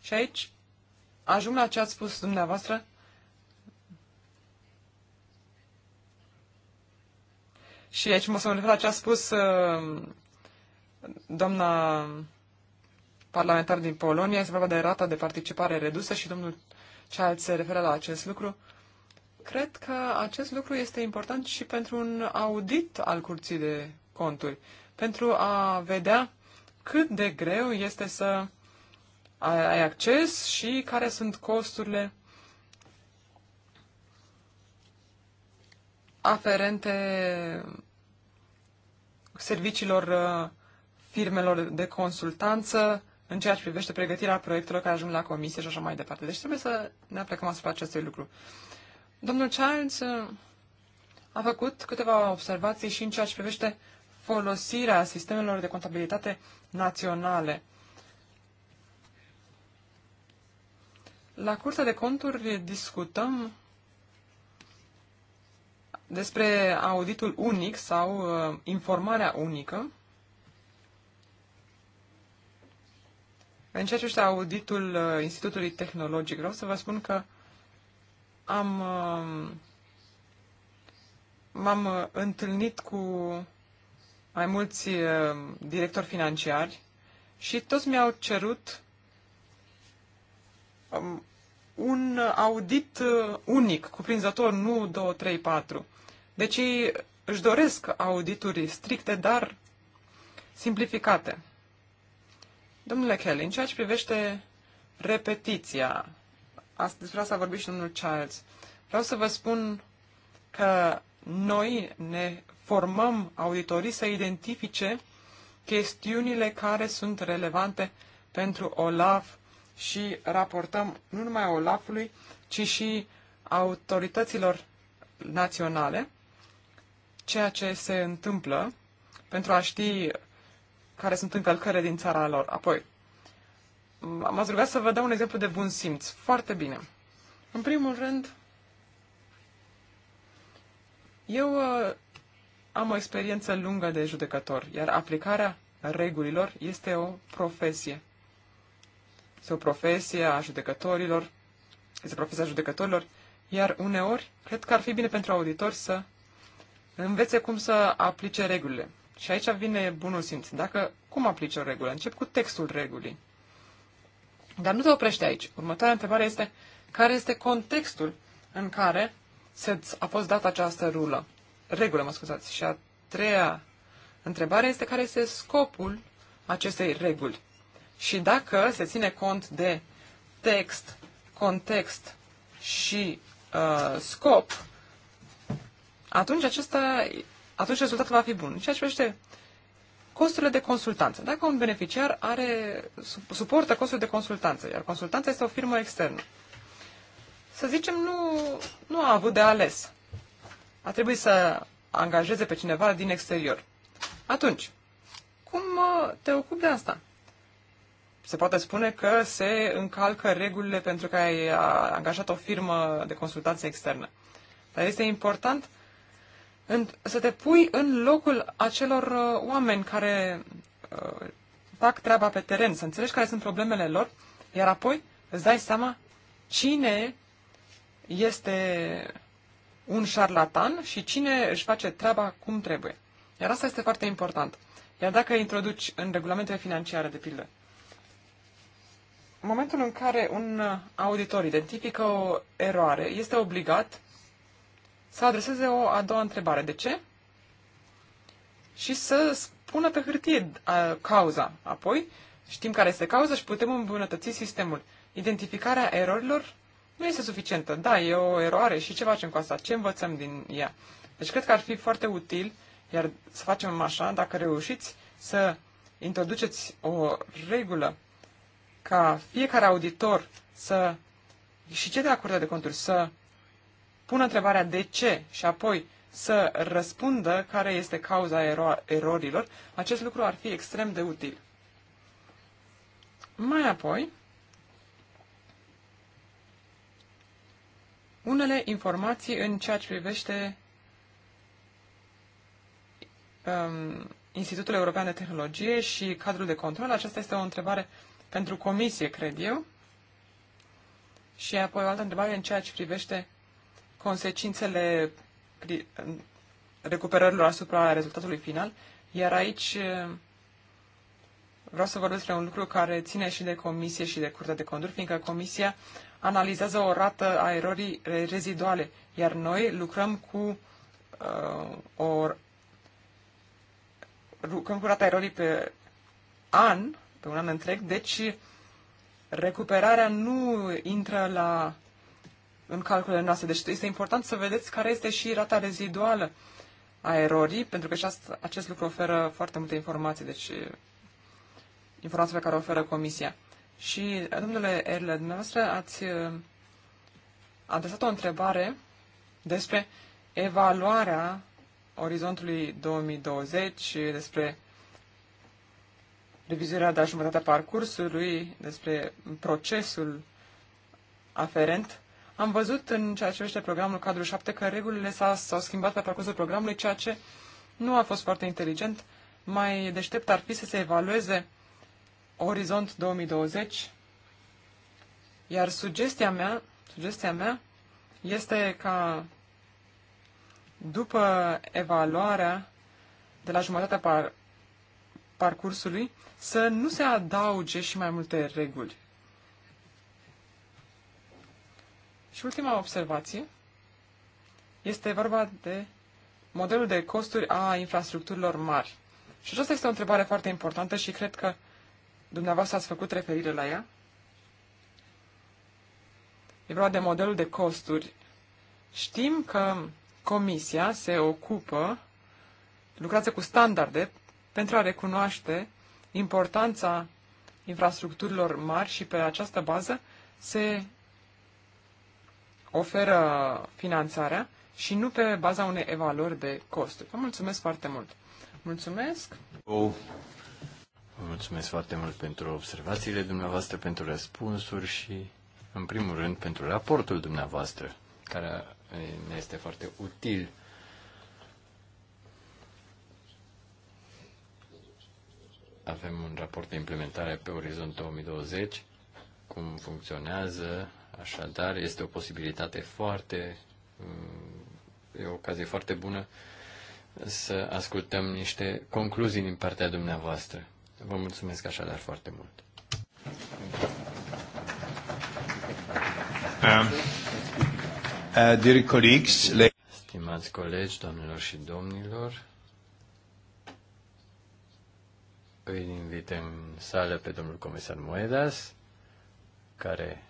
Și aici ajung la ce ați spus dumneavoastră. Și aici mă să mă refer la ce a spus uh, doamna parlamentar din Polonia. Este vorba de rata de participare redusă și domnul Child se referă la acest lucru. Cred că acest lucru este important și pentru un audit al curții de conturi, pentru a vedea cât de greu este să ai acces și care sunt costurile aferente serviciilor uh, firmelor de consultanță în ceea ce privește pregătirea proiectelor care ajung la comisie și așa mai departe. Deci trebuie să ne aplicăm asupra acestui lucru. Domnul Childs uh, a făcut câteva observații și în ceea ce privește folosirea sistemelor de contabilitate naționale. La Curtea de Conturi discutăm despre auditul unic sau uh, informarea unică În ceea ce știu auditul uh, Institutului Tehnologic, vreau să vă spun că am, um, m-am uh, întâlnit cu mai mulți uh, directori financiari și toți mi-au cerut um, un audit unic, cuprinzător, nu 2, 3, 4. Deci ei își doresc audituri stricte, dar simplificate. Domnule Kelly, în ceea ce privește repetiția, asta, despre asta a vorbit și domnul Charles, vreau să vă spun că noi ne formăm auditorii să identifice chestiunile care sunt relevante pentru OLAF și raportăm nu numai OLAF-ului, ci și autorităților naționale ceea ce se întâmplă pentru a ști care sunt în călcare din țara lor. Apoi, m-ați rugat să vă dau un exemplu de bun simț. Foarte bine. În primul rând, eu uh, am o experiență lungă de judecător, iar aplicarea regulilor este o profesie. Este o profesie a judecătorilor, este profesia judecătorilor, iar uneori cred că ar fi bine pentru auditor să învețe cum să aplice regulile. Și aici vine bunul simț. Dacă, cum aplici o regulă? Încep cu textul regulii. Dar nu te oprește aici. Următoarea întrebare este, care este contextul în care se a fost dată această rulă? Regulă, mă scuzați. Și a treia întrebare este, care este scopul acestei reguli? Și dacă se ține cont de text, context și uh, scop, atunci acesta atunci rezultatul va fi bun. Ceea ce privește costurile de consultanță. Dacă un beneficiar are, suportă costurile de consultanță, iar consultanța este o firmă externă, să zicem, nu, nu a avut de ales. A trebuit să angajeze pe cineva din exterior. Atunci, cum uh, te ocupi de asta? Se poate spune că se încalcă regulile pentru că ai angajat o firmă de consultanță externă. Dar este important în, să te pui în locul acelor uh, oameni care uh, fac treaba pe teren, să înțelegi care sunt problemele lor, iar apoi îți dai seama cine este un șarlatan și cine își face treaba cum trebuie. Iar asta este foarte important. Iar dacă introduci în regulamentele financiare, de pildă, momentul în care un auditor identifică o eroare, este obligat să adreseze o a doua întrebare. De ce? Și să spună pe hârtie a, cauza. Apoi știm care este cauza și putem îmbunătăți sistemul. Identificarea erorilor nu este suficientă. Da, e o eroare și ce facem cu asta? Ce învățăm din ea? Deci cred că ar fi foarte util, iar să facem așa, dacă reușiți să introduceți o regulă ca fiecare auditor să și ce de acordă de Conturi să pună întrebarea de ce și apoi să răspundă care este cauza ero- erorilor, acest lucru ar fi extrem de util. Mai apoi, unele informații în ceea ce privește um, Institutul European de Tehnologie și cadrul de control. Aceasta este o întrebare pentru comisie, cred eu. Și apoi o altă întrebare în ceea ce privește consecințele recuperărilor asupra rezultatului final, iar aici eh, vreau să vorbesc despre un lucru care ține și de comisie și de curtea de conduri, fiindcă comisia analizează o rată a erorii reziduale, iar noi lucrăm cu uh, o lucrăm cu rata erorii pe an, pe un an întreg, deci recuperarea nu intră la în calculele noastre. Deci este important să vedeți care este și rata reziduală a erorii, pentru că și asta, acest lucru oferă foarte multe informații, deci informații pe care o oferă comisia. Și, domnule Erle, dumneavoastră ați adresat o întrebare despre evaluarea orizontului 2020, despre revizuirea de la jumătatea parcursului, despre procesul aferent am văzut în ceea ce este programul cadru 7 că regulile s-au schimbat pe parcursul programului, ceea ce nu a fost foarte inteligent. Mai deștept ar fi să se evalueze Orizont 2020, iar sugestia mea, sugestia mea este ca după evaluarea de la jumătatea par- parcursului să nu se adauge și mai multe reguli. Și ultima observație este vorba de modelul de costuri a infrastructurilor mari. Și aceasta este o întrebare foarte importantă și cred că dumneavoastră ați făcut referire la ea. E vorba de modelul de costuri. Știm că Comisia se ocupă, lucrează cu standarde pentru a recunoaște importanța infrastructurilor mari și pe această bază se oferă finanțarea și nu pe baza unei evaluări de costuri. Vă mulțumesc foarte mult! Mulțumesc! Oh. Vă mulțumesc foarte mult pentru observațiile dumneavoastră, pentru răspunsuri și, în primul rând, pentru raportul dumneavoastră, care ne este foarte util. Avem un raport de implementare pe orizont 2020, cum funcționează Așadar, este o posibilitate foarte, mm, e o ocazie foarte bună să ascultăm niște concluzii din partea dumneavoastră. Vă mulțumesc așadar foarte mult. Um, uh, Stimați colegi, domnilor și domnilor, îi invit în sală pe domnul comisar Moedas, care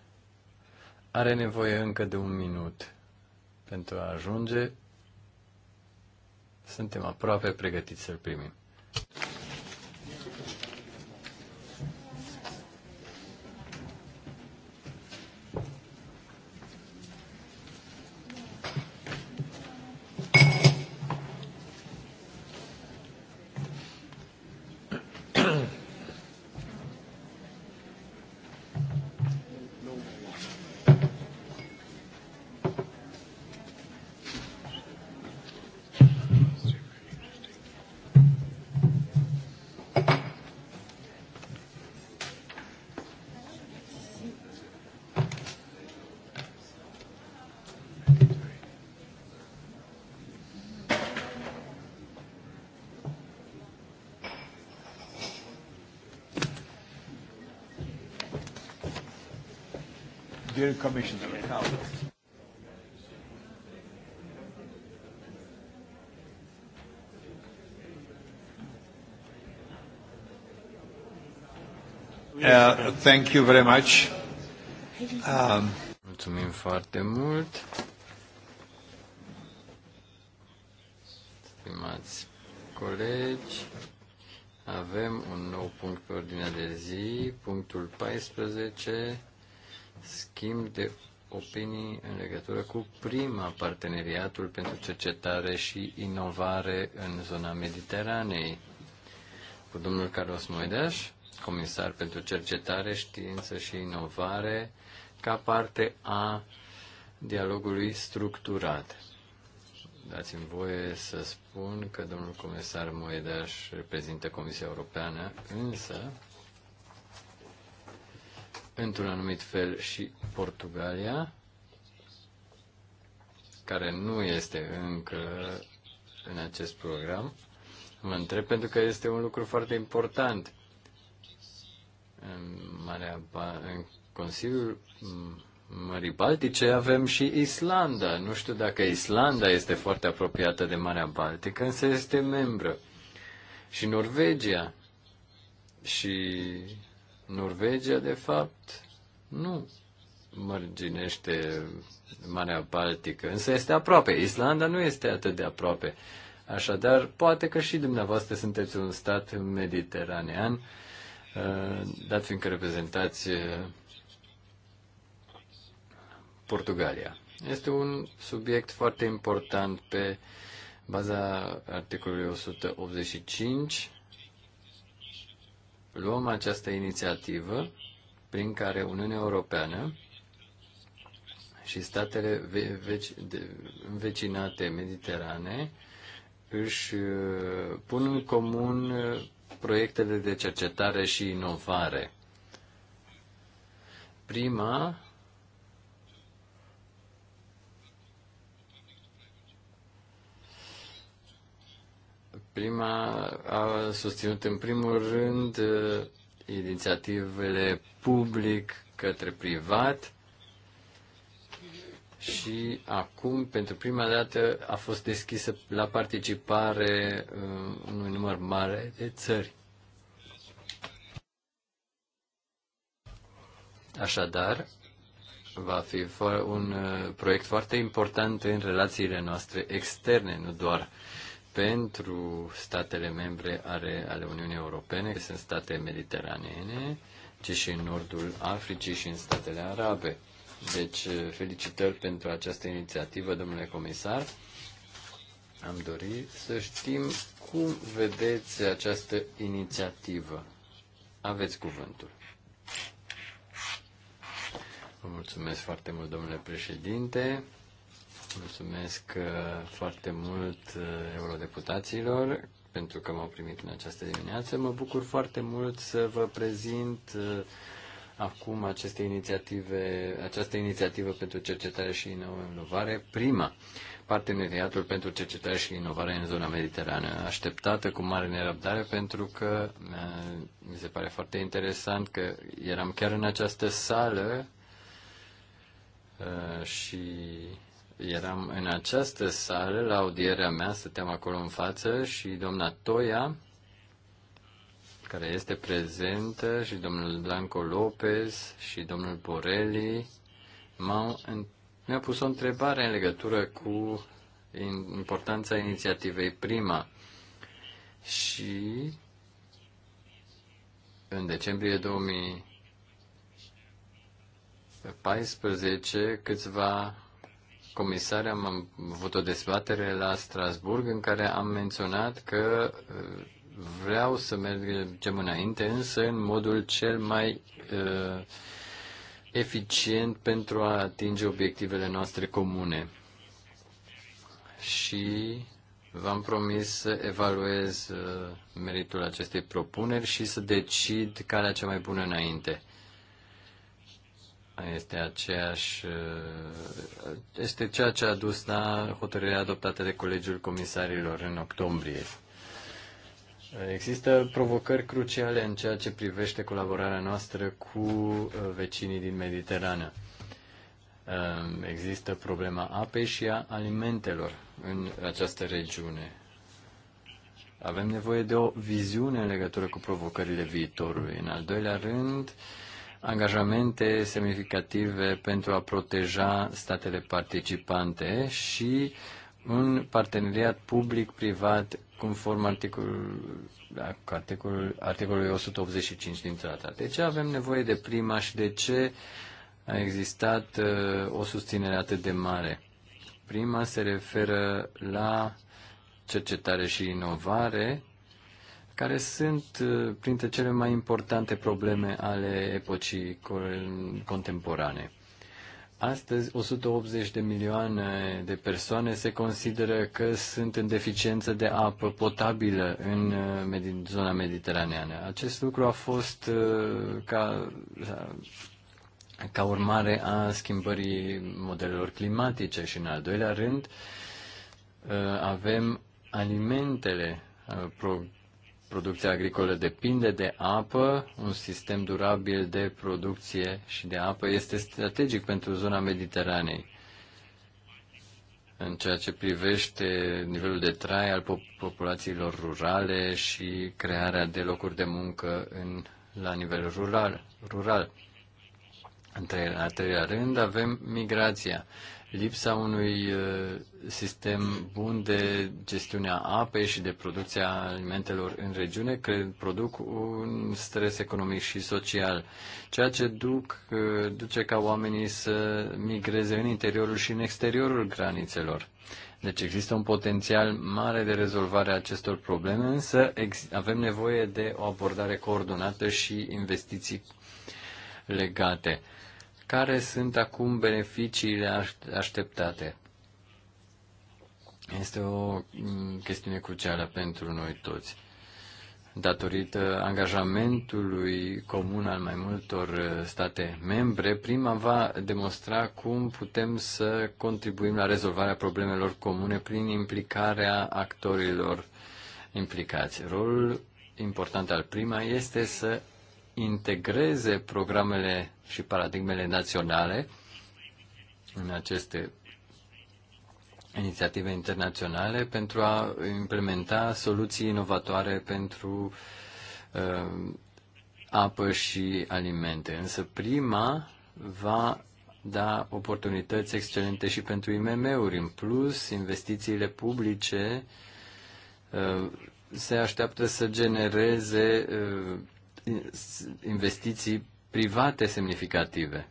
are nevoie încă de un minut pentru a ajunge. Suntem aproape pregătiți să-l primim. dear Commissioner. Now. Uh, thank you very much. Um, Mulțumim foarte mult. Stimați colegi, avem un nou punct pe ordinea de zi, punctul 14, schimb de opinii în legătură cu prima parteneriatul pentru cercetare și inovare în zona Mediteranei cu domnul Carlos Moedeș, comisar pentru cercetare, știință și inovare, ca parte a dialogului structurat. Dați-mi voie să spun că domnul comisar Moedeș reprezintă Comisia Europeană, însă într-un anumit fel și Portugalia, care nu este încă în acest program. Mă întreb pentru că este un lucru foarte important. În, Marea ba- în Consiliul Mării Baltice avem și Islanda. Nu știu dacă Islanda este foarte apropiată de Marea Baltică, însă este membră. Și Norvegia. Și Norvegia, de fapt, nu mărginește Marea Baltică, însă este aproape. Islanda nu este atât de aproape. Așadar, poate că și dumneavoastră sunteți un stat mediteranean, uh, dat fiindcă reprezentați uh, Portugalia. Este un subiect foarte important pe baza articolului 185 luăm această inițiativă prin care Uniunea Europeană și statele învecinate mediterane își uh, pun în comun uh, proiectele de cercetare și inovare. Prima Prima a susținut în primul rând uh, inițiativele public către privat și acum, pentru prima dată, a fost deschisă la participare uh, unui număr mare de țări. Așadar, va fi un uh, proiect foarte important în relațiile noastre externe, nu doar pentru statele membre are, ale Uniunii Europene, că sunt state mediteraneene, ci și în nordul Africii și în statele arabe. Deci, eh, felicitări pentru această inițiativă, domnule comisar. Am dorit să știm cum vedeți această inițiativă. Aveți cuvântul. Vă mulțumesc foarte mult, domnule președinte. Mulțumesc uh, foarte mult uh, eurodeputaților pentru că m-au primit în această dimineață. Mă bucur foarte mult să vă prezint uh, acum aceste inițiative, această inițiativă pentru cercetare și inovare, prima, parteneriatul pentru cercetare și inovare în zona mediterană, așteptată cu mare nerăbdare pentru că mi se pare foarte interesant că eram chiar în această sală și eram în această sală, la audierea mea, stăteam acolo în față și doamna Toia, care este prezentă, și domnul Blanco Lopez și domnul Borelli, m-au, mi-a pus o întrebare în legătură cu importanța inițiativei prima. Și în decembrie 2014, câțiva comisar am avut o dezbatere la Strasburg în care am menționat că uh, vreau să mergem înainte, însă în modul cel mai uh, eficient pentru a atinge obiectivele noastre comune. Și v-am promis să evaluez uh, meritul acestei propuneri și să decid calea cea mai bună înainte este aceeași, uh, este ceea ce a dus la hotărârea adoptată de Colegiul Comisarilor în octombrie. Există provocări cruciale în ceea ce privește colaborarea noastră cu uh, vecinii din Mediterană. Uh, există problema apei și a alimentelor în această regiune. Avem nevoie de o viziune în legătură cu provocările viitorului. În al doilea rând, uh, angajamente semnificative pentru a proteja statele participante și un parteneriat public-privat conform articolul, articolul, articolului 185 din tratat. De ce avem nevoie de prima și de ce a existat uh, o susținere atât de mare? Prima se referă la cercetare și inovare, care sunt uh, printre cele mai importante probleme ale epocii contemporane. Astăzi, 180 de milioane de persoane se consideră că sunt în deficiență de apă potabilă în uh, zona mediteraneană. Acest lucru a fost uh, ca, ca urmare a schimbării modelelor climatice și, în al doilea rând, avem alimentele producția agricolă depinde de apă, un sistem durabil de producție și de apă este strategic pentru zona Mediteranei. În ceea ce privește nivelul de trai al populațiilor rurale și crearea de locuri de muncă în, la nivel rural. rural. În al treilea rând avem migrația lipsa unui uh, sistem bun de gestiunea apei și de producția alimentelor în regiune cred, produc un stres economic și social, ceea ce duc, uh, duce ca oamenii să migreze în interiorul și în exteriorul granițelor. Deci există un potențial mare de rezolvare a acestor probleme, însă avem nevoie de o abordare coordonată și investiții legate. Care sunt acum beneficiile așteptate? Este o mm, chestiune crucială pentru noi toți. Datorită angajamentului comun al mai multor uh, state membre, prima va demonstra cum putem să contribuim la rezolvarea problemelor comune prin implicarea actorilor implicați. Rolul important al prima este să integreze programele și paradigmele naționale în aceste inițiative internaționale pentru a implementa soluții inovatoare pentru uh, apă și alimente. Însă prima va da oportunități excelente și pentru IMM-uri. În plus, investițiile publice uh, se așteaptă să genereze uh, investiții private semnificative.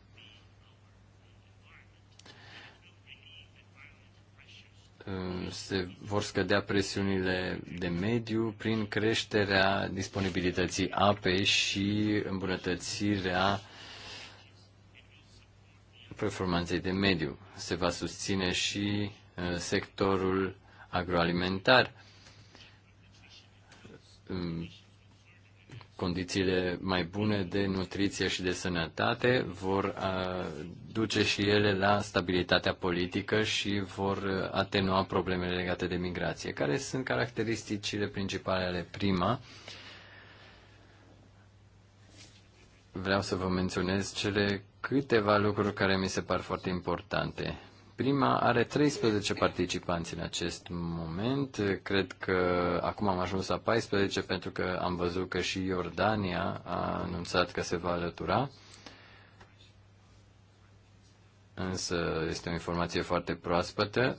se vor scădea presiunile de mediu prin creșterea disponibilității apei și îmbunătățirea performanței de mediu. Se va susține și uh, sectorul agroalimentar mm, condițiile mai bune de nutriție și de sănătate vor duce și ele la stabilitatea politică și vor atenua problemele legate de migrație. Care sunt caracteristicile principale ale prima? Vreau să vă menționez cele câteva lucruri care mi se par foarte importante. Prima are 13 participanți în acest moment. Cred că acum am ajuns la 14 pentru că am văzut că și Iordania a anunțat că se va alătura. Însă este o informație foarte proaspătă.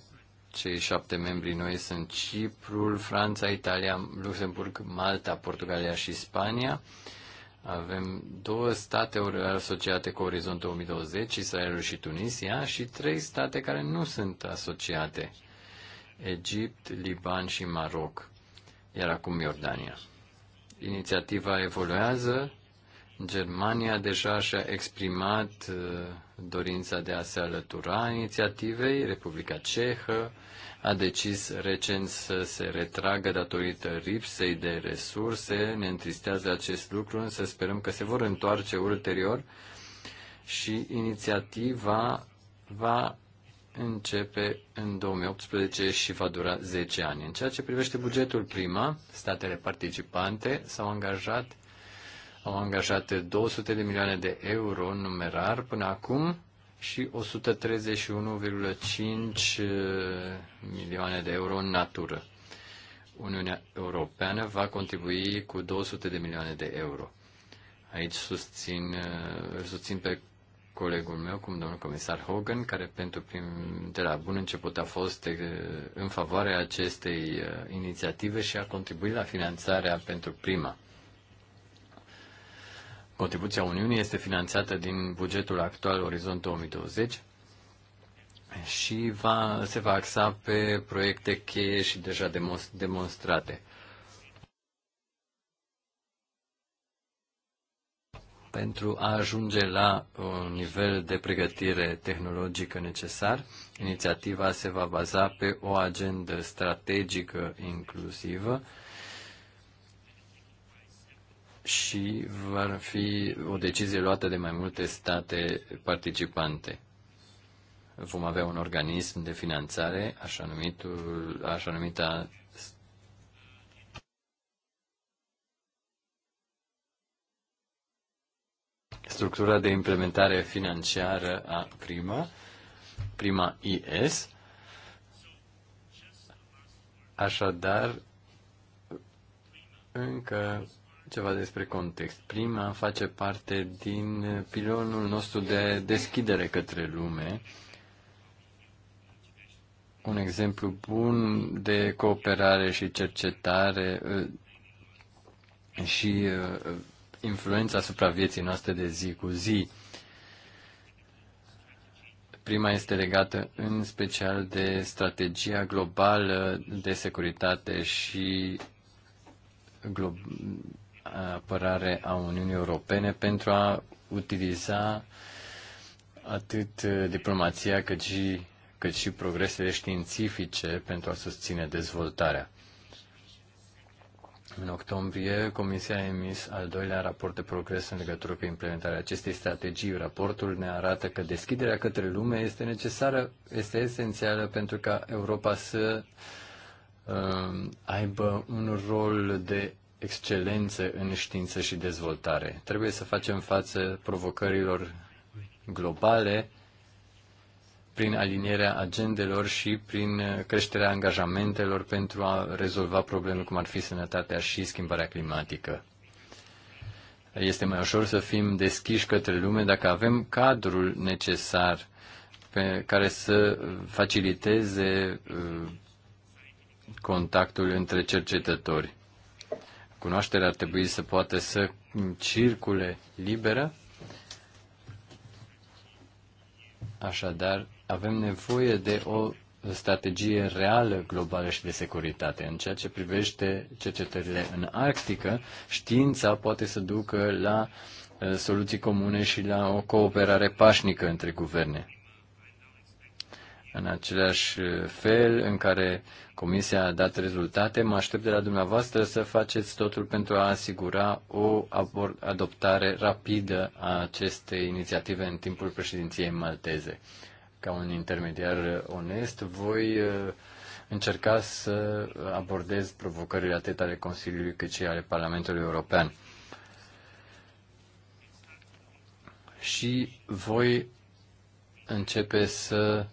Cei șapte membri noi sunt Ciprul, Franța, Italia, Luxemburg, Malta, Portugalia și Spania. Uh, avem două state asociate cu Orizont 2020, Israelul și Tunisia, și trei state care nu sunt asociate, Egipt, Liban și Maroc, iar acum Iordania. Inițiativa evoluează Germania deja și-a exprimat uh, dorința de a se alătura inițiativei, Republica Cehă a decis recent să se retragă datorită lipsei de resurse, ne întristează acest lucru, însă sperăm că se vor întoarce ulterior și inițiativa va începe în 2018 și va dura 10 ani. În ceea ce privește bugetul prima, statele participante s-au angajat au angajat 200 de milioane de euro în numerar până acum și 131,5 eh, milioane de euro în natură. Uniunea Europeană va contribui cu 200 de milioane de euro. Aici susțin, eh, îl susțin pe colegul meu, cum domnul comisar Hogan, care pentru prim, de la bun început a fost eh, în favoarea acestei inițiative și a contribuit la finanțarea pentru prima. Contribuția Uniunii este finanțată din bugetul actual Orizont 2020 și va, se va axa pe proiecte cheie și deja demonstrate. Pentru a ajunge la un uh, nivel de pregătire tehnologică necesar, inițiativa se va baza pe o agendă strategică inclusivă, și va fi o decizie luată de mai multe state participante. Vom avea un organism de finanțare, așa, numitul, așa numita structura de implementare financiară a prima, prima IS. Așadar, încă ceva despre context. Prima face parte din pilonul nostru de deschidere către lume. Un exemplu bun de cooperare și cercetare uh, și uh, influența asupra vieții noastre de zi cu zi. Prima este legată în special de strategia globală de securitate și apărare a Uniunii Europene pentru a utiliza atât uh, diplomația cât și, cât și progresele științifice pentru a susține dezvoltarea. În octombrie, Comisia a emis al doilea raport de progres în legătură cu implementarea acestei strategii. Raportul ne arată că deschiderea către lume este necesară, este esențială pentru ca Europa să um, aibă un rol de excelențe în știință și dezvoltare. Trebuie să facem față provocărilor globale prin alinierea agendelor și prin creșterea angajamentelor pentru a rezolva probleme cum ar fi sănătatea și schimbarea climatică. Este mai ușor să fim deschiși către lume dacă avem cadrul necesar pe care să faciliteze uh, contactul între cercetători. Cunoașterea ar trebui să poată să circule liberă. Așadar, avem nevoie de o strategie reală globală și de securitate. În ceea ce privește cercetările în Arctică, știința poate să ducă la uh, soluții comune și la o cooperare pașnică între guverne. În același fel în care Comisia a dat rezultate, mă aștept de la dumneavoastră să faceți totul pentru a asigura o adoptare rapidă a acestei inițiative în timpul președinției malteze. Ca un intermediar onest, voi uh, încerca să abordez provocările atât ale Consiliului cât și ale Parlamentului European. Și voi începe să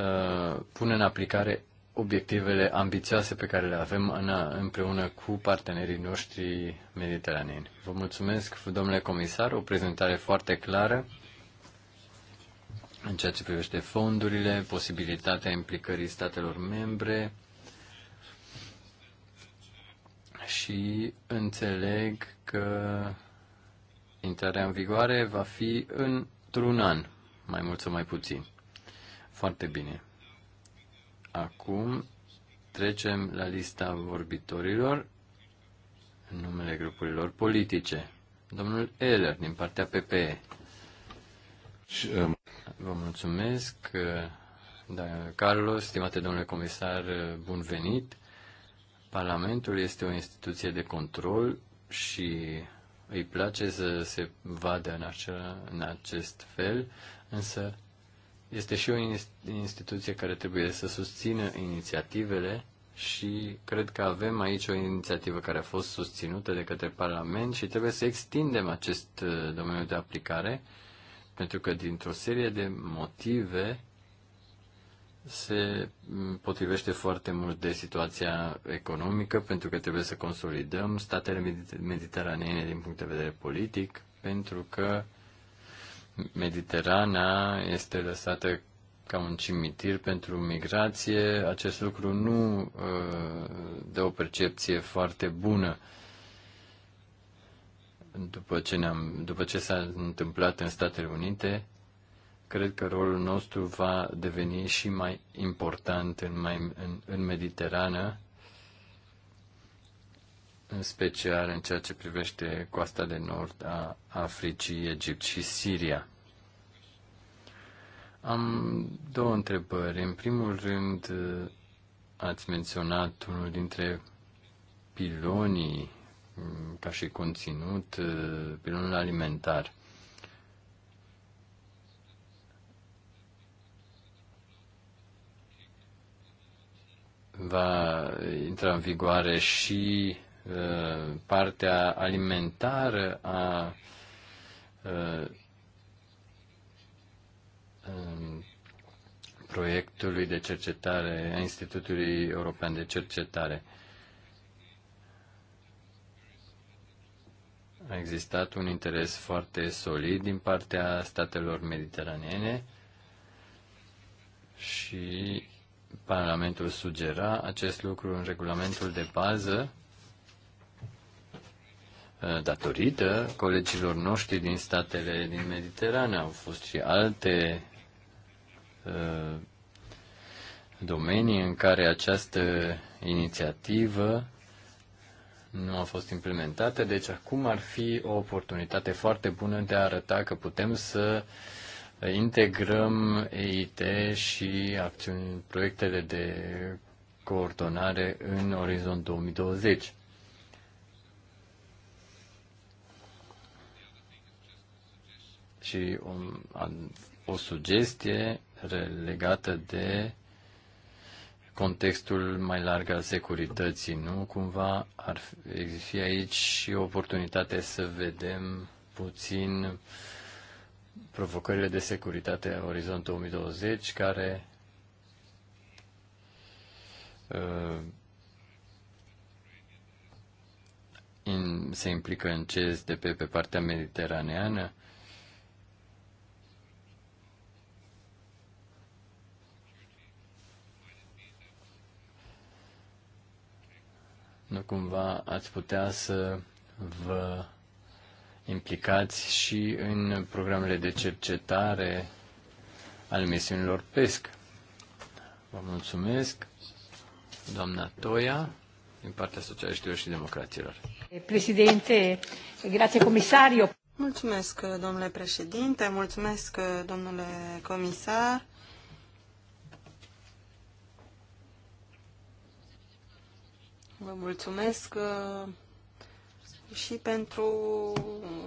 Uh, pune în aplicare obiectivele ambițioase pe care le avem în, împreună cu partenerii noștri mediteraneni. Vă mulțumesc, domnule comisar, o prezentare foarte clară în ceea ce privește fondurile, posibilitatea implicării statelor membre și înțeleg că intrarea în vigoare va fi într-un an, mai mult sau mai puțin. Foarte bine. Acum trecem la lista vorbitorilor în numele grupurilor politice. Domnul Eller, din partea PPE. Um, Vă mulțumesc, uh, da, Carlos, stimate domnule comisar, uh, bun venit. Parlamentul este o instituție de control și îi place să se vadă în, acea, în acest fel, însă este și o instituție care trebuie să susțină inițiativele și cred că avem aici o inițiativă care a fost susținută de către Parlament și trebuie să extindem acest uh, domeniu de aplicare, pentru că dintr-o serie de motive se mm, potrivește foarte mult de situația economică, pentru că trebuie să consolidăm statele mediteraneene din punct de vedere politic, pentru că Mediterana este lăsată ca un cimitir pentru migrație, acest lucru nu uh, dă o percepție foarte bună. După ce, ne-am, după ce s-a întâmplat în Statele Unite, cred că rolul nostru va deveni și mai important în, mai, în, în Mediterană, în special în ceea ce privește coasta de nord a Africii, Egipt și Siria. Am două întrebări. În primul rând, ați menționat unul dintre pilonii mm, ca și conținut, eh, pilonul alimentar. Va intra în vigoare și eh, partea alimentară a eh, Um, proiectului de cercetare, a Institutului European de Cercetare. A existat un interes foarte solid din partea statelor mediteranene și Parlamentul sugera acest lucru în regulamentul de bază uh, datorită colegilor noștri din statele din Mediterană. Au fost și alte Uh, domenii în care această inițiativă nu a fost implementată, deci acum ar fi o oportunitate foarte bună de a arăta că putem să integrăm EIT și acțiuni, proiectele de coordonare în orizont 2020. Și o, o sugestie legată de contextul mai larg al securității, nu? Cumva ar fi aici și oportunitate să vedem puțin provocările de securitate a Orizont 2020 care uh, in, se implică în CSDP pe partea mediteraneană. Uh, nu cumva ați putea să vă implicați și în programele de cercetare al misiunilor PESC. Vă mulțumesc, doamna Toia, din partea Socialiștilor și Democraților. Președinte, grație comisariu. Mulțumesc, domnule președinte, mulțumesc, domnule comisar. Vă mulțumesc uh, și pentru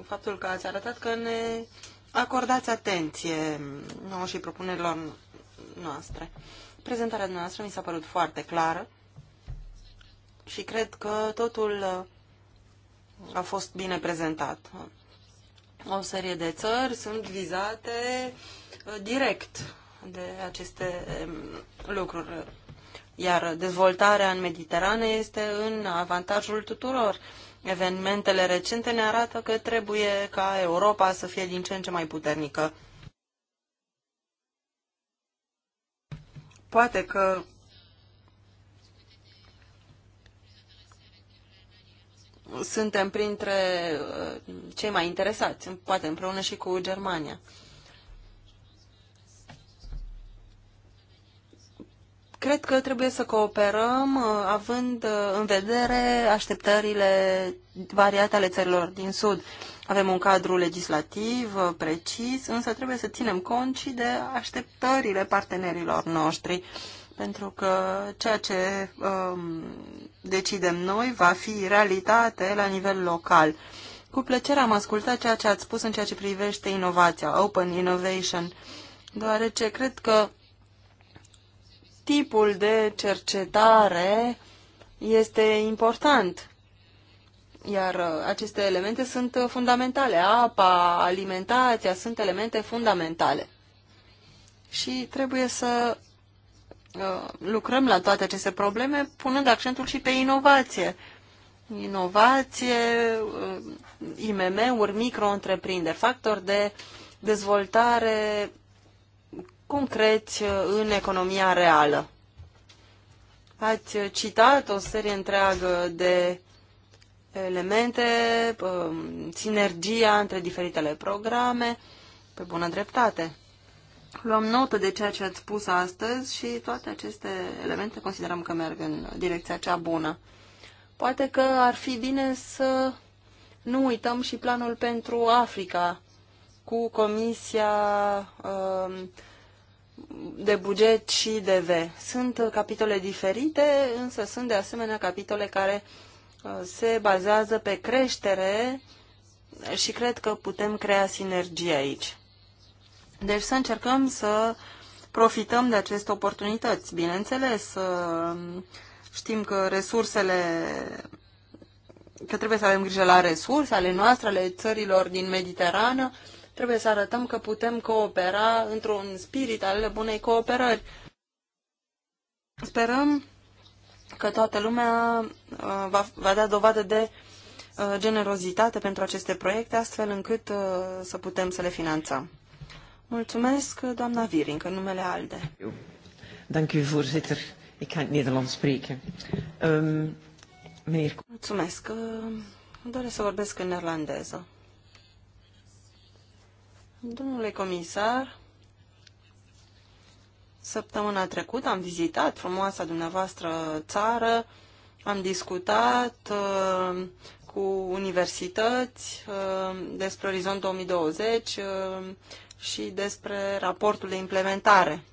faptul că ați arătat că ne acordați atenție nouă și propunerilor noastre. Prezentarea noastră mi s-a părut foarte clară și cred că totul uh, a fost bine prezentat. O serie de țări sunt vizate uh, direct de aceste um, lucruri iar dezvoltarea în Mediterană este în avantajul tuturor. Evenimentele recente ne arată că trebuie ca Europa să fie din ce în ce mai puternică. Poate că suntem printre uh, cei mai interesați, poate împreună și cu Germania. Cred că trebuie să cooperăm uh, având uh, în vedere așteptările variate ale țărilor din Sud. Avem un cadru legislativ uh, precis, însă trebuie să ținem cont și de așteptările partenerilor noștri, pentru că ceea ce um, decidem noi va fi realitate la nivel local. Cu plăcere am ascultat ceea ce ați spus în ceea ce privește inovația, Open Innovation, deoarece cred că tipul de cercetare este important. Iar uh, aceste elemente sunt uh, fundamentale. Apa, alimentația sunt elemente fundamentale. Și trebuie să uh, lucrăm la toate aceste probleme, punând accentul și pe inovație. Inovație, IMM-uri, micro-întreprinderi, factor de dezvoltare concreți uh, în economia reală. Ați uh, citat o serie întreagă de elemente, um, sinergia între diferitele programe, pe bună dreptate. Luăm notă de ceea ce ați spus astăzi și toate aceste elemente considerăm că merg în direcția cea bună. Poate că ar fi bine să nu uităm și planul pentru Africa cu Comisia uh, de buget și de V. Sunt capitole diferite, însă sunt de asemenea capitole care uh, se bazează pe creștere și cred că putem crea sinergie aici. Deci să încercăm să profităm de aceste oportunități. Bineînțeles, uh, știm că resursele, că trebuie să avem grijă la resurse ale noastre, ale țărilor din Mediterană, Trebuie să arătăm că putem coopera într-un spirit al bunei cooperări. Sperăm că toată lumea uh, va, va da dovadă de uh, generozitate pentru aceste proiecte, astfel încât uh, să putem să le finanțăm. Mulțumesc, doamna Viring, în numele ALDE. Ehm, Mulțumesc. Doresc să vorbesc în neerlandeză. Domnule comisar, săptămâna trecută am vizitat frumoasa dumneavoastră țară, am discutat uh, cu universități uh, despre Orizont 2020 uh, și despre raportul de implementare.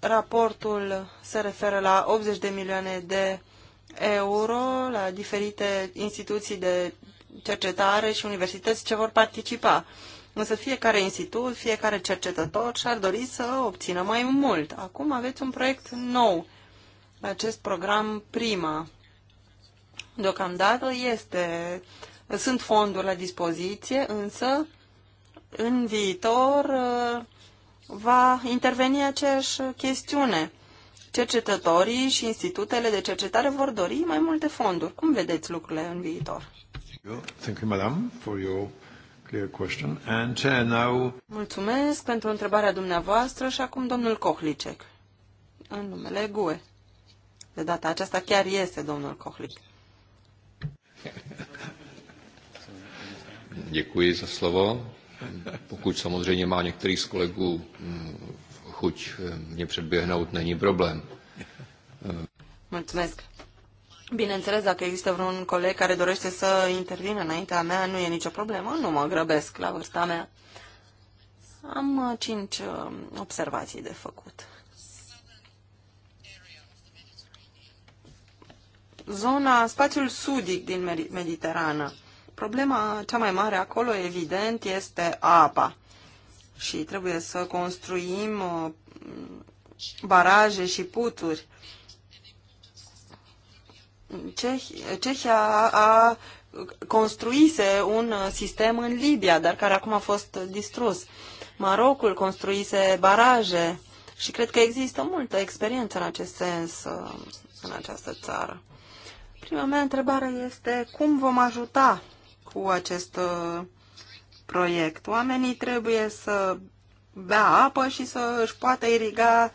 Raportul se referă la 80 de milioane de euro la diferite instituții de cercetare și universități ce vor participa. Însă fiecare institut, fiecare cercetător și-ar dori să obțină mai mult. Acum aveți un proiect nou. Acest program Prima. Deocamdată este, sunt fonduri la dispoziție, însă în viitor uh, va interveni aceeași chestiune. Cercetătorii și institutele de cercetare vor dori mai multe fonduri. Cum vedeți lucrurile în viitor? Thank you, madam, for your clear question. And uh, now... Mulțumesc pentru întrebarea dumneavoastră și acum domnul Kohlicek, în numele GUE. De data aceasta chiar este domnul Kohlicek. Děkuji za slovo. Pokud samozřejmě má některý z kolegů mm, chuť eh, mě předběhnout, není problém. Mulțumesc. Bineînțeles, dacă există vreun coleg care dorește să intervină înaintea mea, nu e nicio problemă, nu mă grăbesc la vârsta mea. Am uh, cinci uh, observații de făcut. Zona, spațiul sudic din Mediterană. Problema cea mai mare acolo, evident, este apa. Și trebuie să construim uh, baraje și puturi Cehia a, a construise un sistem în Libia, dar care acum a fost distrus. Marocul construise baraje și cred că există multă experiență în acest sens uh, în această țară. Prima mea întrebare este cum vom ajuta cu acest uh, proiect. Oamenii trebuie să bea apă și să își poată iriga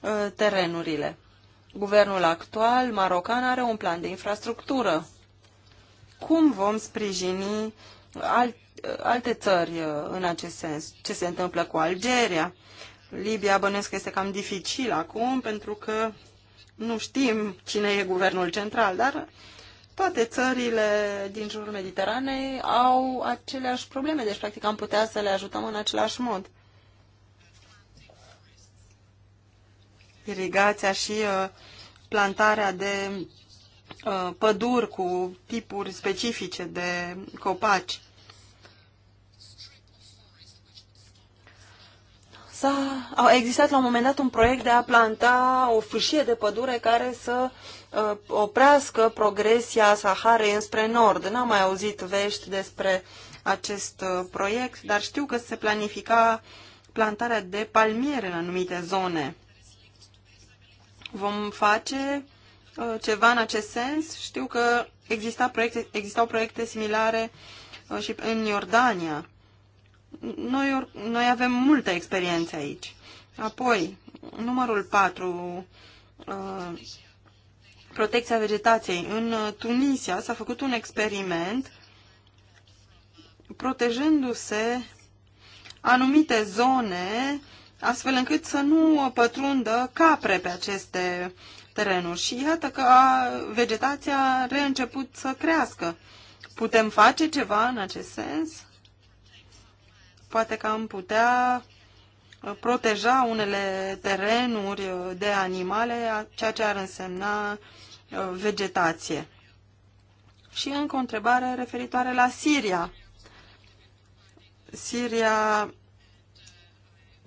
uh, terenurile. Guvernul actual marocan are un plan de infrastructură. Cum vom sprijini alt, alte țări uh, în acest sens? Ce se întâmplă cu Algeria? Libia bănesc este cam dificil acum pentru că nu știm cine e guvernul central, dar toate țările din jurul Mediteranei au aceleași probleme, deci practic am putea să le ajutăm în același mod. irigația și uh, plantarea de uh, păduri cu tipuri specifice de copaci. s-a, a existat la un moment dat un proiect de a planta o fâșie de pădure care să uh, oprească progresia Saharei înspre nord. N-am mai auzit vești despre acest uh, proiect, dar știu că se planifica plantarea de palmiere în anumite zone. Vom face uh, ceva în acest sens? Știu că exista proiecte, existau proiecte similare uh, și în Iordania. Noi, noi avem multă experiență aici. Apoi, numărul 4, uh, protecția vegetației. În Tunisia s-a făcut un experiment protejându-se anumite zone astfel încât să nu pătrundă capre pe aceste terenuri. Și iată că vegetația a reînceput să crească. Putem face ceva în acest sens? Poate că am putea uh, proteja unele terenuri uh, de animale, ceea ce ar însemna uh, vegetație. Și încă o întrebare referitoare la Siria. Siria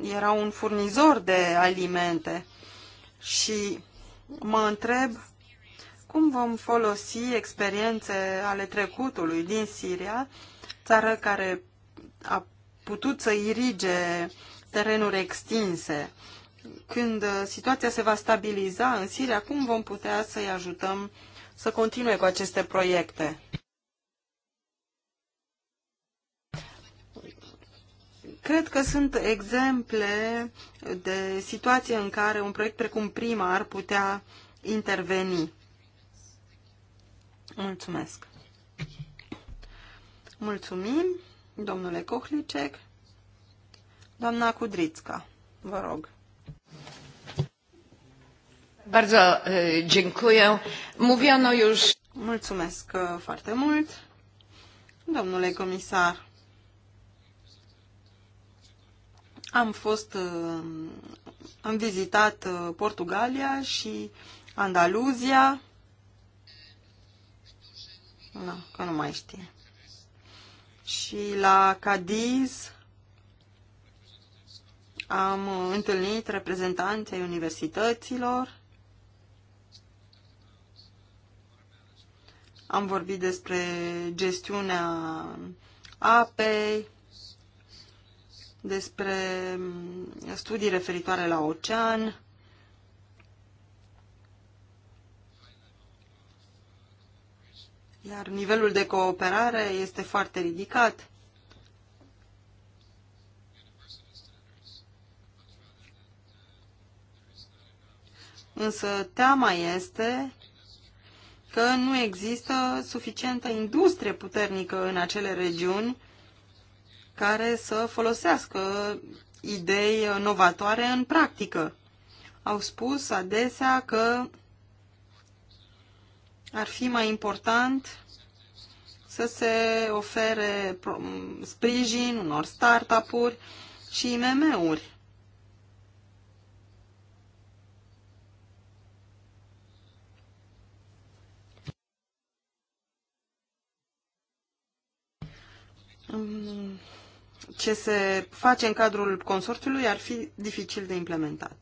era un furnizor de alimente și mă întreb cum vom folosi experiențe ale trecutului din Siria, țară care a putut să irige terenuri extinse. Când uh, situația se va stabiliza în Siria, cum vom putea să-i ajutăm să continue cu aceste proiecte? Cred că sunt exemple de situații în care un proiect precum prima ar putea interveni. Mulțumesc. Mulțumim, domnule Kohlicek. Doamna Kudrițca, vă rog. Bardzo dziękuję. Mówiono już... Mulțumesc foarte mult, domnule comisar. Am fost, uh, am vizitat uh, Portugalia și Andaluzia. Nu, că nu mai știe. Și la Cadiz am uh, întâlnit reprezentanții universităților. Am vorbit despre gestiunea apei, despre studii referitoare la ocean, iar nivelul de cooperare este foarte ridicat. Însă teama este că nu există suficientă industrie puternică în acele regiuni care să folosească idei novatoare în practică. Au spus adesea că ar fi mai important să se ofere sprijin unor startup-uri și IMM-uri. Um, ce se face în cadrul consorțiului ar fi dificil de implementat.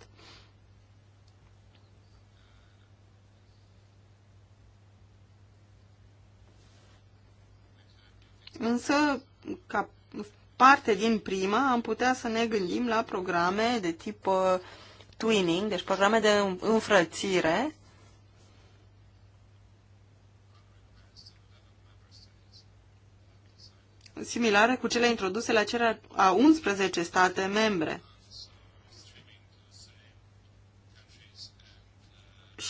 Însă, ca parte din prima, am putea să ne gândim la programe de tip uh, twinning, deci programe de înfrățire, similare cu cele introduse la cererea a 11 state membre.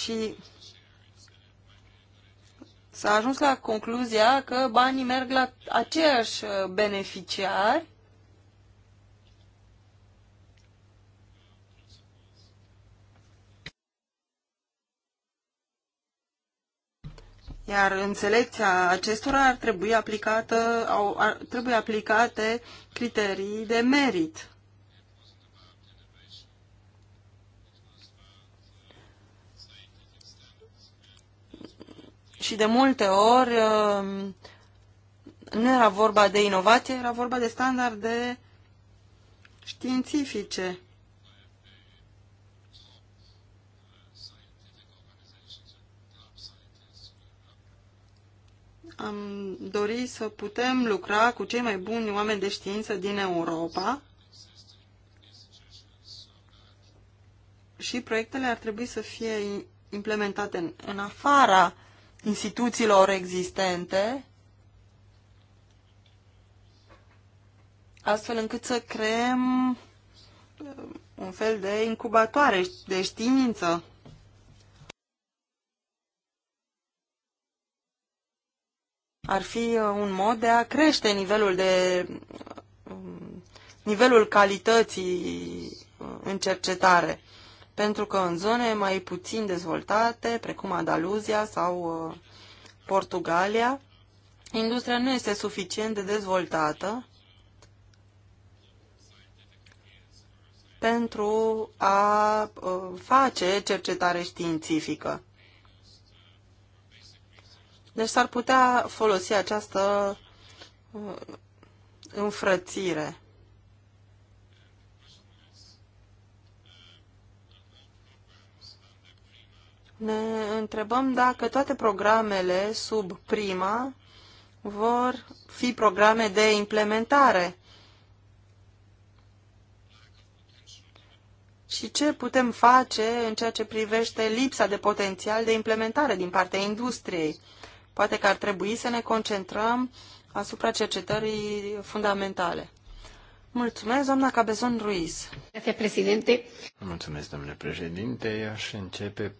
Și s-a ajuns la concluzia că banii merg la aceiași beneficiari Iar înțelepția acestora ar trebui, aplicată, ar trebui aplicate criterii de merit. Și de multe ori um, nu era vorba de inovație, era vorba de standarde științifice. am dori să putem lucra cu cei mai buni oameni de știință din Europa și proiectele ar trebui să fie implementate în, în afara instituțiilor existente, astfel încât să creăm um, un fel de incubatoare de știință ar fi uh, un mod de a crește nivelul de um, nivelul calității uh, în cercetare, pentru că în zone mai puțin dezvoltate, precum Andaluzia sau uh, Portugalia, industria nu este suficient de dezvoltată pentru a face cercetare științifică. Deci s-ar putea folosi această uh, înfrățire. Ne întrebăm dacă toate programele sub prima vor fi programe de implementare. Și ce putem face în ceea ce privește lipsa de potențial de implementare din partea industriei? Poate că ar trebui să ne concentrăm asupra cercetării fundamentale. Mulțumesc, doamna Cabezon Ruiz. Mulțumesc, domnule președinte. Eu aș începe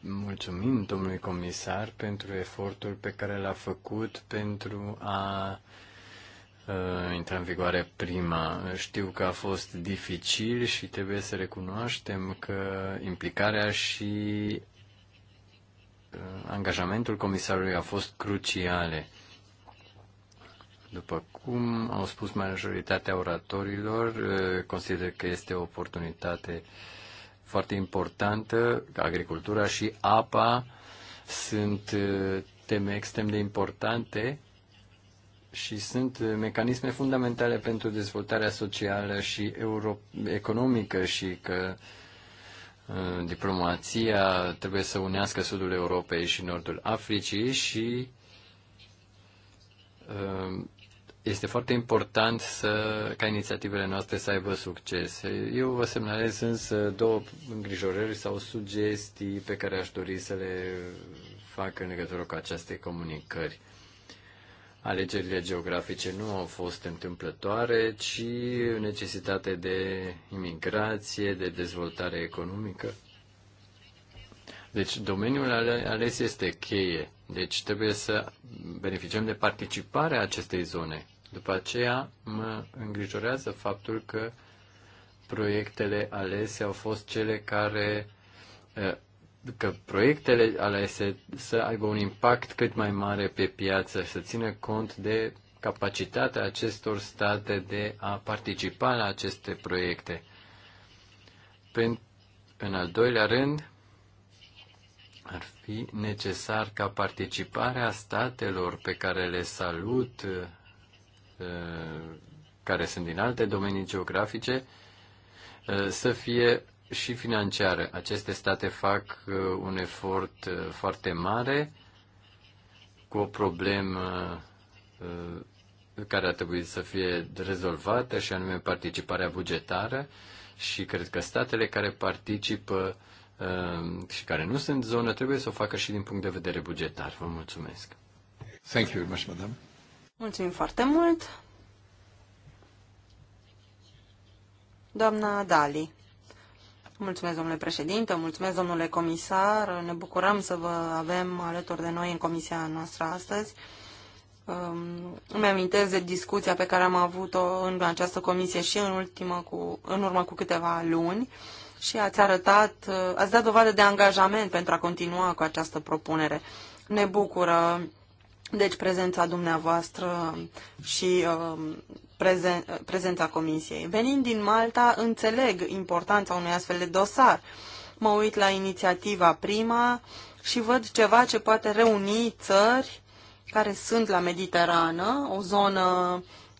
mulțumind domnului comisar pentru efortul pe care l-a făcut pentru a uh, intra în vigoare prima. Știu că a fost dificil și trebuie să recunoaștem că implicarea și angajamentul comisarului a fost cruciale. După cum au spus majoritatea oratorilor, eh, consider că este o oportunitate foarte importantă. Agricultura și apa sunt eh, teme extrem de importante și sunt eh, mecanisme fundamentale pentru dezvoltarea socială și euro- economică și că uh, diplomația trebuie să unească sudul Europei și nordul Africii și um, este foarte important să, ca inițiativele noastre să aibă succes. Eu vă semnalez însă două îngrijorări sau sugestii pe care aș dori să le fac în legătură cu aceste comunicări. Alegerile geografice nu au fost întâmplătoare, ci necesitate de imigrație, de dezvoltare economică. Deci domeniul ales este cheie. Deci trebuie să beneficiem de participarea acestei zone. După aceea mă îngrijorează faptul că proiectele alese au fost cele care eh, că proiectele alese să aibă un impact cât mai mare pe piață, să țină cont de capacitatea acestor state de a participa la aceste proiecte. În al doilea rând, ar fi necesar ca participarea statelor pe care le salut, uh, care sunt din alte domenii geografice, uh, să fie și financiară. Aceste state fac uh, un efort uh, foarte mare cu o problemă uh, care ar trebui să fie rezolvată și anume participarea bugetară și cred că statele care participă și care nu sunt zonă trebuie să o facă și din punct de vedere bugetar. Vă mulțumesc. Thank you very much, madam. Mulțumim foarte mult. Doamna Dali. Mulțumesc, domnule președinte, mulțumesc, domnule comisar. Ne bucurăm să vă avem alături de noi în comisia noastră astăzi. Um, îmi amintesc de discuția pe care am avut-o în această comisie și în, ultima cu, în urmă cu câteva luni și ați arătat, uh, ați dat dovadă de angajament pentru a continua cu această propunere. Ne bucură, deci, prezența dumneavoastră și uh, prezen, prezența Comisiei. Venind din Malta, înțeleg importanța unui astfel de dosar. Mă uit la inițiativa prima și văd ceva ce poate reuni țări care sunt la Mediterană, o zonă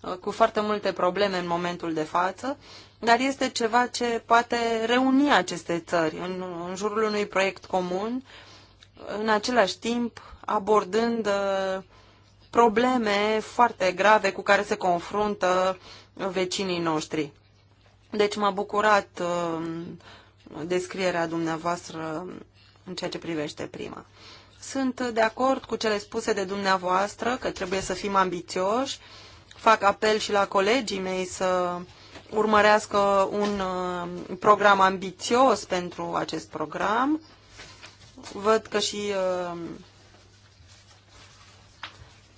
uh, cu foarte multe probleme în momentul de față, dar este ceva ce poate reuni aceste țări în, în jurul unui proiect comun, în același timp abordând uh, probleme foarte grave cu care se confruntă vecinii noștri. Deci m-a bucurat um, descrierea dumneavoastră în ceea ce privește prima. Sunt de acord cu cele spuse de dumneavoastră că trebuie să fim ambițioși. Fac apel și la colegii mei să urmărească un um, program ambițios pentru acest program. Văd că și um,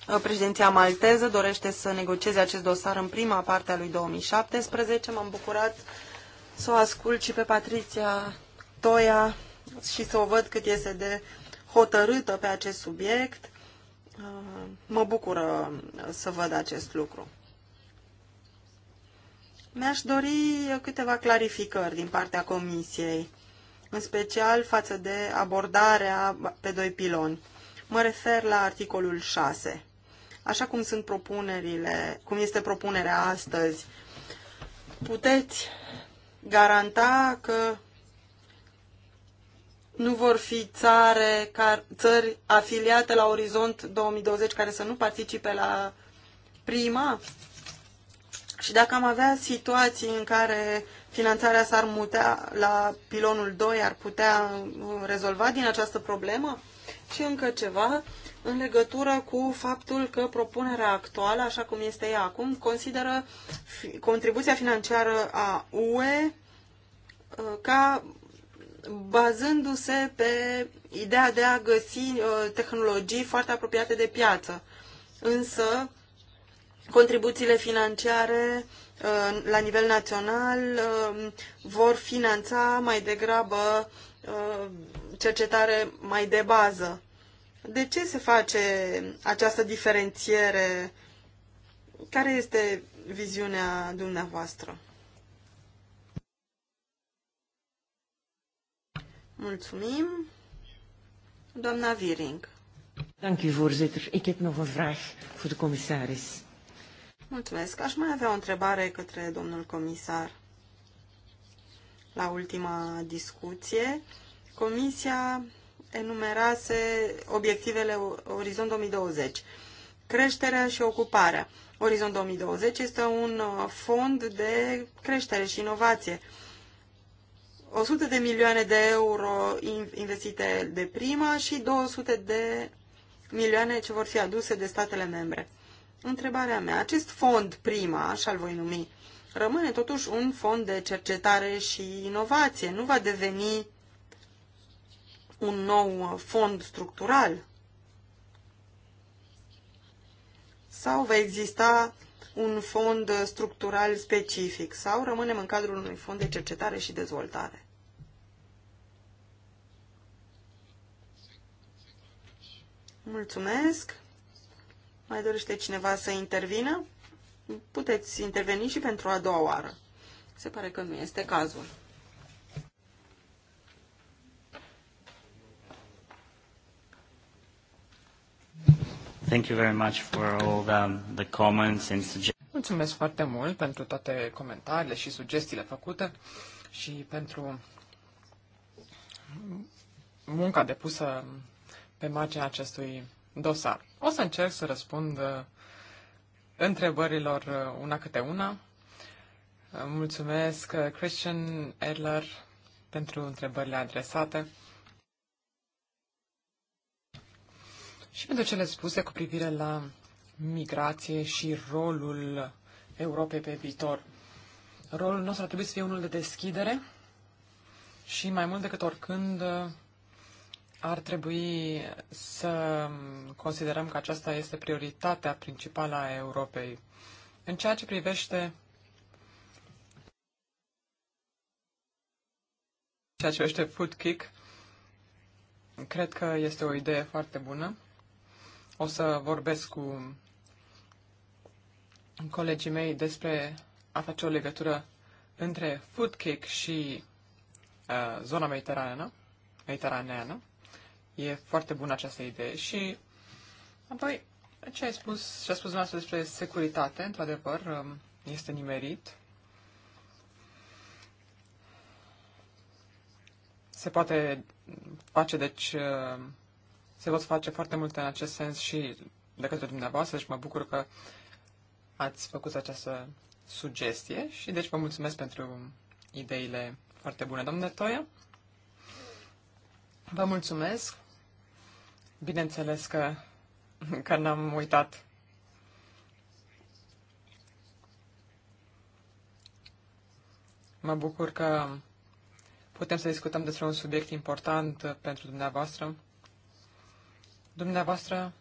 Uh, președinția malteză dorește să negocieze acest dosar în prima parte a lui 2017. M-am bucurat să o ascult și pe Patricia Toia și să o văd cât este de hotărâtă pe acest subiect. Uh, mă bucură să văd acest lucru. Mi-aș dori câteva clarificări din partea Comisiei, în special față de abordarea pe doi piloni. Mă refer la articolul 6 așa cum sunt propunerile, cum este propunerea astăzi, puteți garanta că nu vor fi țare, car, țări afiliate la Orizont 2020 care să nu participe la prima? Și dacă am avea situații în care finanțarea s-ar mutea la pilonul 2, ar putea uh, rezolva din această problemă? Și încă ceva, în legătură cu faptul că propunerea actuală, așa cum este ea acum, consideră contribuția financiară a UE uh, ca bazându-se pe ideea de a găsi uh, tehnologii foarte apropiate de piață. Însă, contribuțiile financiare uh, la nivel național vor finanța mai degrabă cercetare mai de bază. De ce se face această diferențiere? Care este viziunea dumneavoastră? Mulțumim. Doamna Viring. Dank u, voorzitter. Ik heb nog een vraag voor de commissaris. Mulțumesc. Aș mai avea o întrebare către domnul comisar. La ultima discuție, comisia enumerase obiectivele Orizont 2020. Creșterea și ocuparea. Orizont 2020 este un uh, fond de creștere și inovație. 100 de milioane de euro investite de prima și 200 de milioane ce vor fi aduse de statele membre. Întrebarea mea, acest fond prima, așa îl voi numi, rămâne totuși un fond de cercetare și inovație, nu va deveni un nou fond structural? Sau va exista un fond structural specific? Sau rămânem în cadrul unui fond de cercetare și dezvoltare? Mulțumesc. Mai dorește cineva să intervină? Puteți interveni și pentru a doua oară. Se pare că nu este cazul. Thank you very much for all the, the comments and suggestions. Mulțumesc foarte mult pentru toate comentariile și sugestiile făcute și pentru munca depusă pe marginea acestui dosar. O să încerc să răspund uh, întrebărilor uh, una câte una. Mulțumesc, uh, Christian Edler pentru întrebările adresate. și pentru cele spuse cu privire la migrație și rolul Europei pe viitor. Rolul nostru ar trebui să fie unul de deschidere și mai mult decât oricând ar trebui să considerăm că aceasta este prioritatea principală a Europei. În ceea ce privește ceea ce este Food Kick, cred că este o idee foarte bună o să vorbesc cu colegii mei despre a face o legătură între food cake și uh, zona mediteraneană, mediteraneană. E foarte bună această idee și apoi ce ai spus, ce a spus dumneavoastră despre securitate, într-adevăr, um, este nimerit. Se poate face, deci, uh, se pot face foarte multe în acest sens și de către dumneavoastră și mă bucur că ați făcut această sugestie și deci vă mulțumesc pentru ideile foarte bune, domnule Toia. Vă mulțumesc. Bineînțeles că, că n-am uitat Mă bucur că putem să discutăm despre un subiect important pentru dumneavoastră Dumneavoastră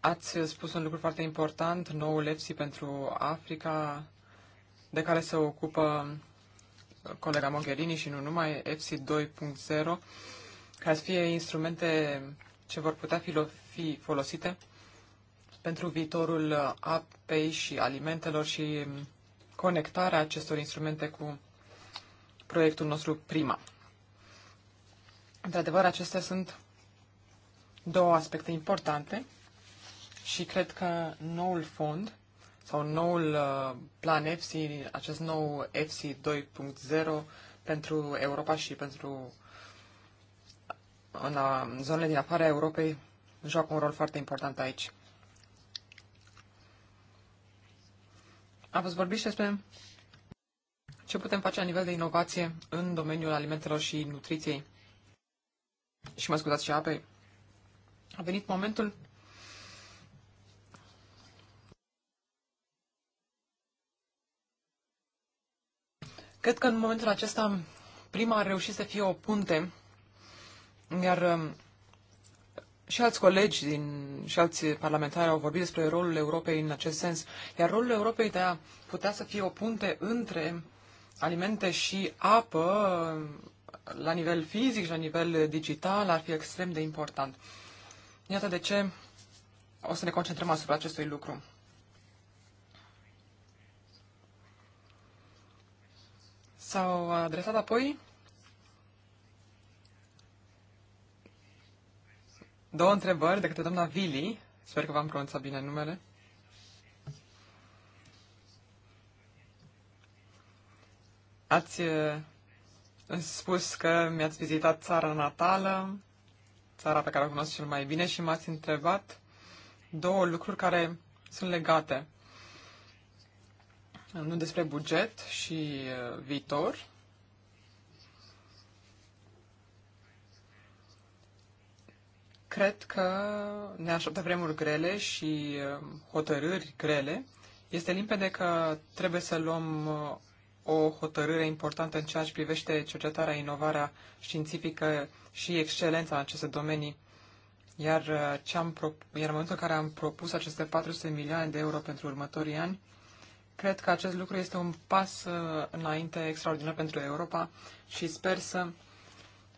ați spus un lucru foarte important, noul EFSI pentru Africa, de care se ocupă colega Mogherini și nu numai, EFSI 2.0, ca să fie instrumente ce vor putea fi folosite pentru viitorul apei și alimentelor și conectarea acestor instrumente cu proiectul nostru Prima. Într-adevăr, acestea sunt două aspecte importante și cred că noul fond sau noul uh, plan EFSI, acest nou EFSI 2.0 pentru Europa și pentru în uh, zonele din afara Europei joacă un rol foarte important aici. Am fost vorbit și despre ce putem face la nivel de inovație în domeniul alimentelor și nutriției și mă scuzați și apei, a venit momentul Cred că în momentul acesta prima a reușit să fie o punte, iar um, și alți colegi din, și alți parlamentari au vorbit despre rolul Europei în acest sens, iar rolul Europei de a putea să fie o punte între alimente și apă la nivel fizic și la nivel digital ar fi extrem de important. Iată de ce o să ne concentrăm asupra acestui lucru. S-au adresat apoi două întrebări de către doamna Vili. Sper că v-am pronunțat bine numele. Ați spus că mi-ați vizitat țara natală, țara pe care o cunosc cel mai bine și m-ați întrebat două lucruri care sunt legate. Nu despre buget și uh, viitor. Cred că ne așteaptă vremuri grele și uh, hotărâri grele. Este limpede că trebuie să luăm uh, o hotărâre importantă în ceea ce privește cercetarea, inovarea științifică și excelența în aceste domenii. Iar, uh, ce am pro- iar în momentul în care am propus aceste 400 milioane de euro pentru următorii ani, cred că acest lucru este un pas uh, înainte extraordinar pentru Europa și sper să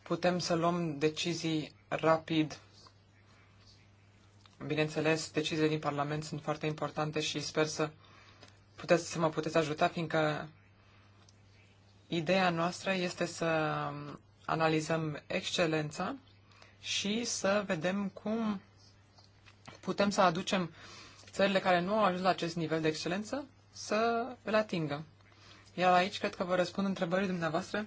putem să luăm decizii rapid. Bineînțeles, deciziile din Parlament sunt foarte importante și sper să puteți, să mă puteți ajuta, fiindcă Ideea noastră este să analizăm excelența și să vedem cum putem să aducem țările care nu au ajuns la acest nivel de excelență să îl atingă. Iar aici cred că vă răspund întrebările dumneavoastră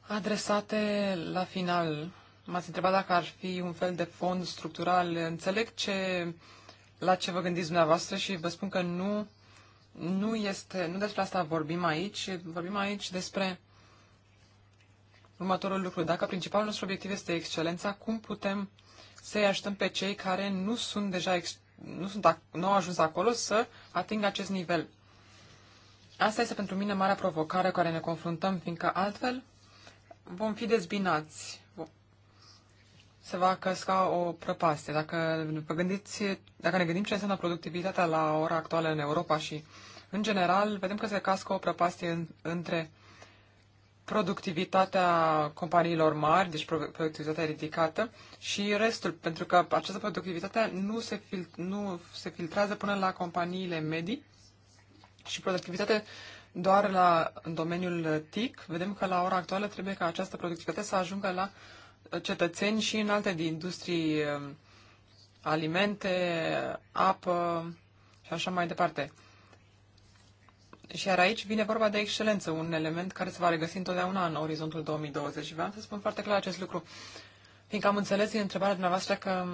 adresate la final. M-ați întrebat dacă ar fi un fel de fond structural. Înțeleg ce, la ce vă gândiți dumneavoastră și vă spun că nu nu este, nu despre asta vorbim aici, vorbim aici despre următorul lucru. Dacă principalul nostru obiectiv este excelența, cum putem să-i ajutăm pe cei care nu sunt deja, nu, sunt, nu au ajuns acolo să atingă acest nivel? Asta este pentru mine marea provocare cu care ne confruntăm, fiindcă altfel vom fi dezbinați. Se va căsca o prăpastie. Dacă, vă gândiți, dacă ne gândim ce înseamnă productivitatea la ora actuală în Europa și în general, vedem că se cască o prăpastie între productivitatea companiilor mari, deci productivitatea ridicată, și restul, pentru că această productivitate nu se, fil- nu se filtrează până la companiile medii și productivitate doar la, în domeniul TIC. Vedem că la ora actuală trebuie ca această productivitate să ajungă la uh, cetățeni și în alte industrii uh, alimente, apă și așa mai departe. Și iar aici vine vorba de excelență, un element care se va regăsi întotdeauna în orizontul 2020. Și vreau să spun foarte clar acest lucru, fiindcă am înțeles din întrebarea dumneavoastră că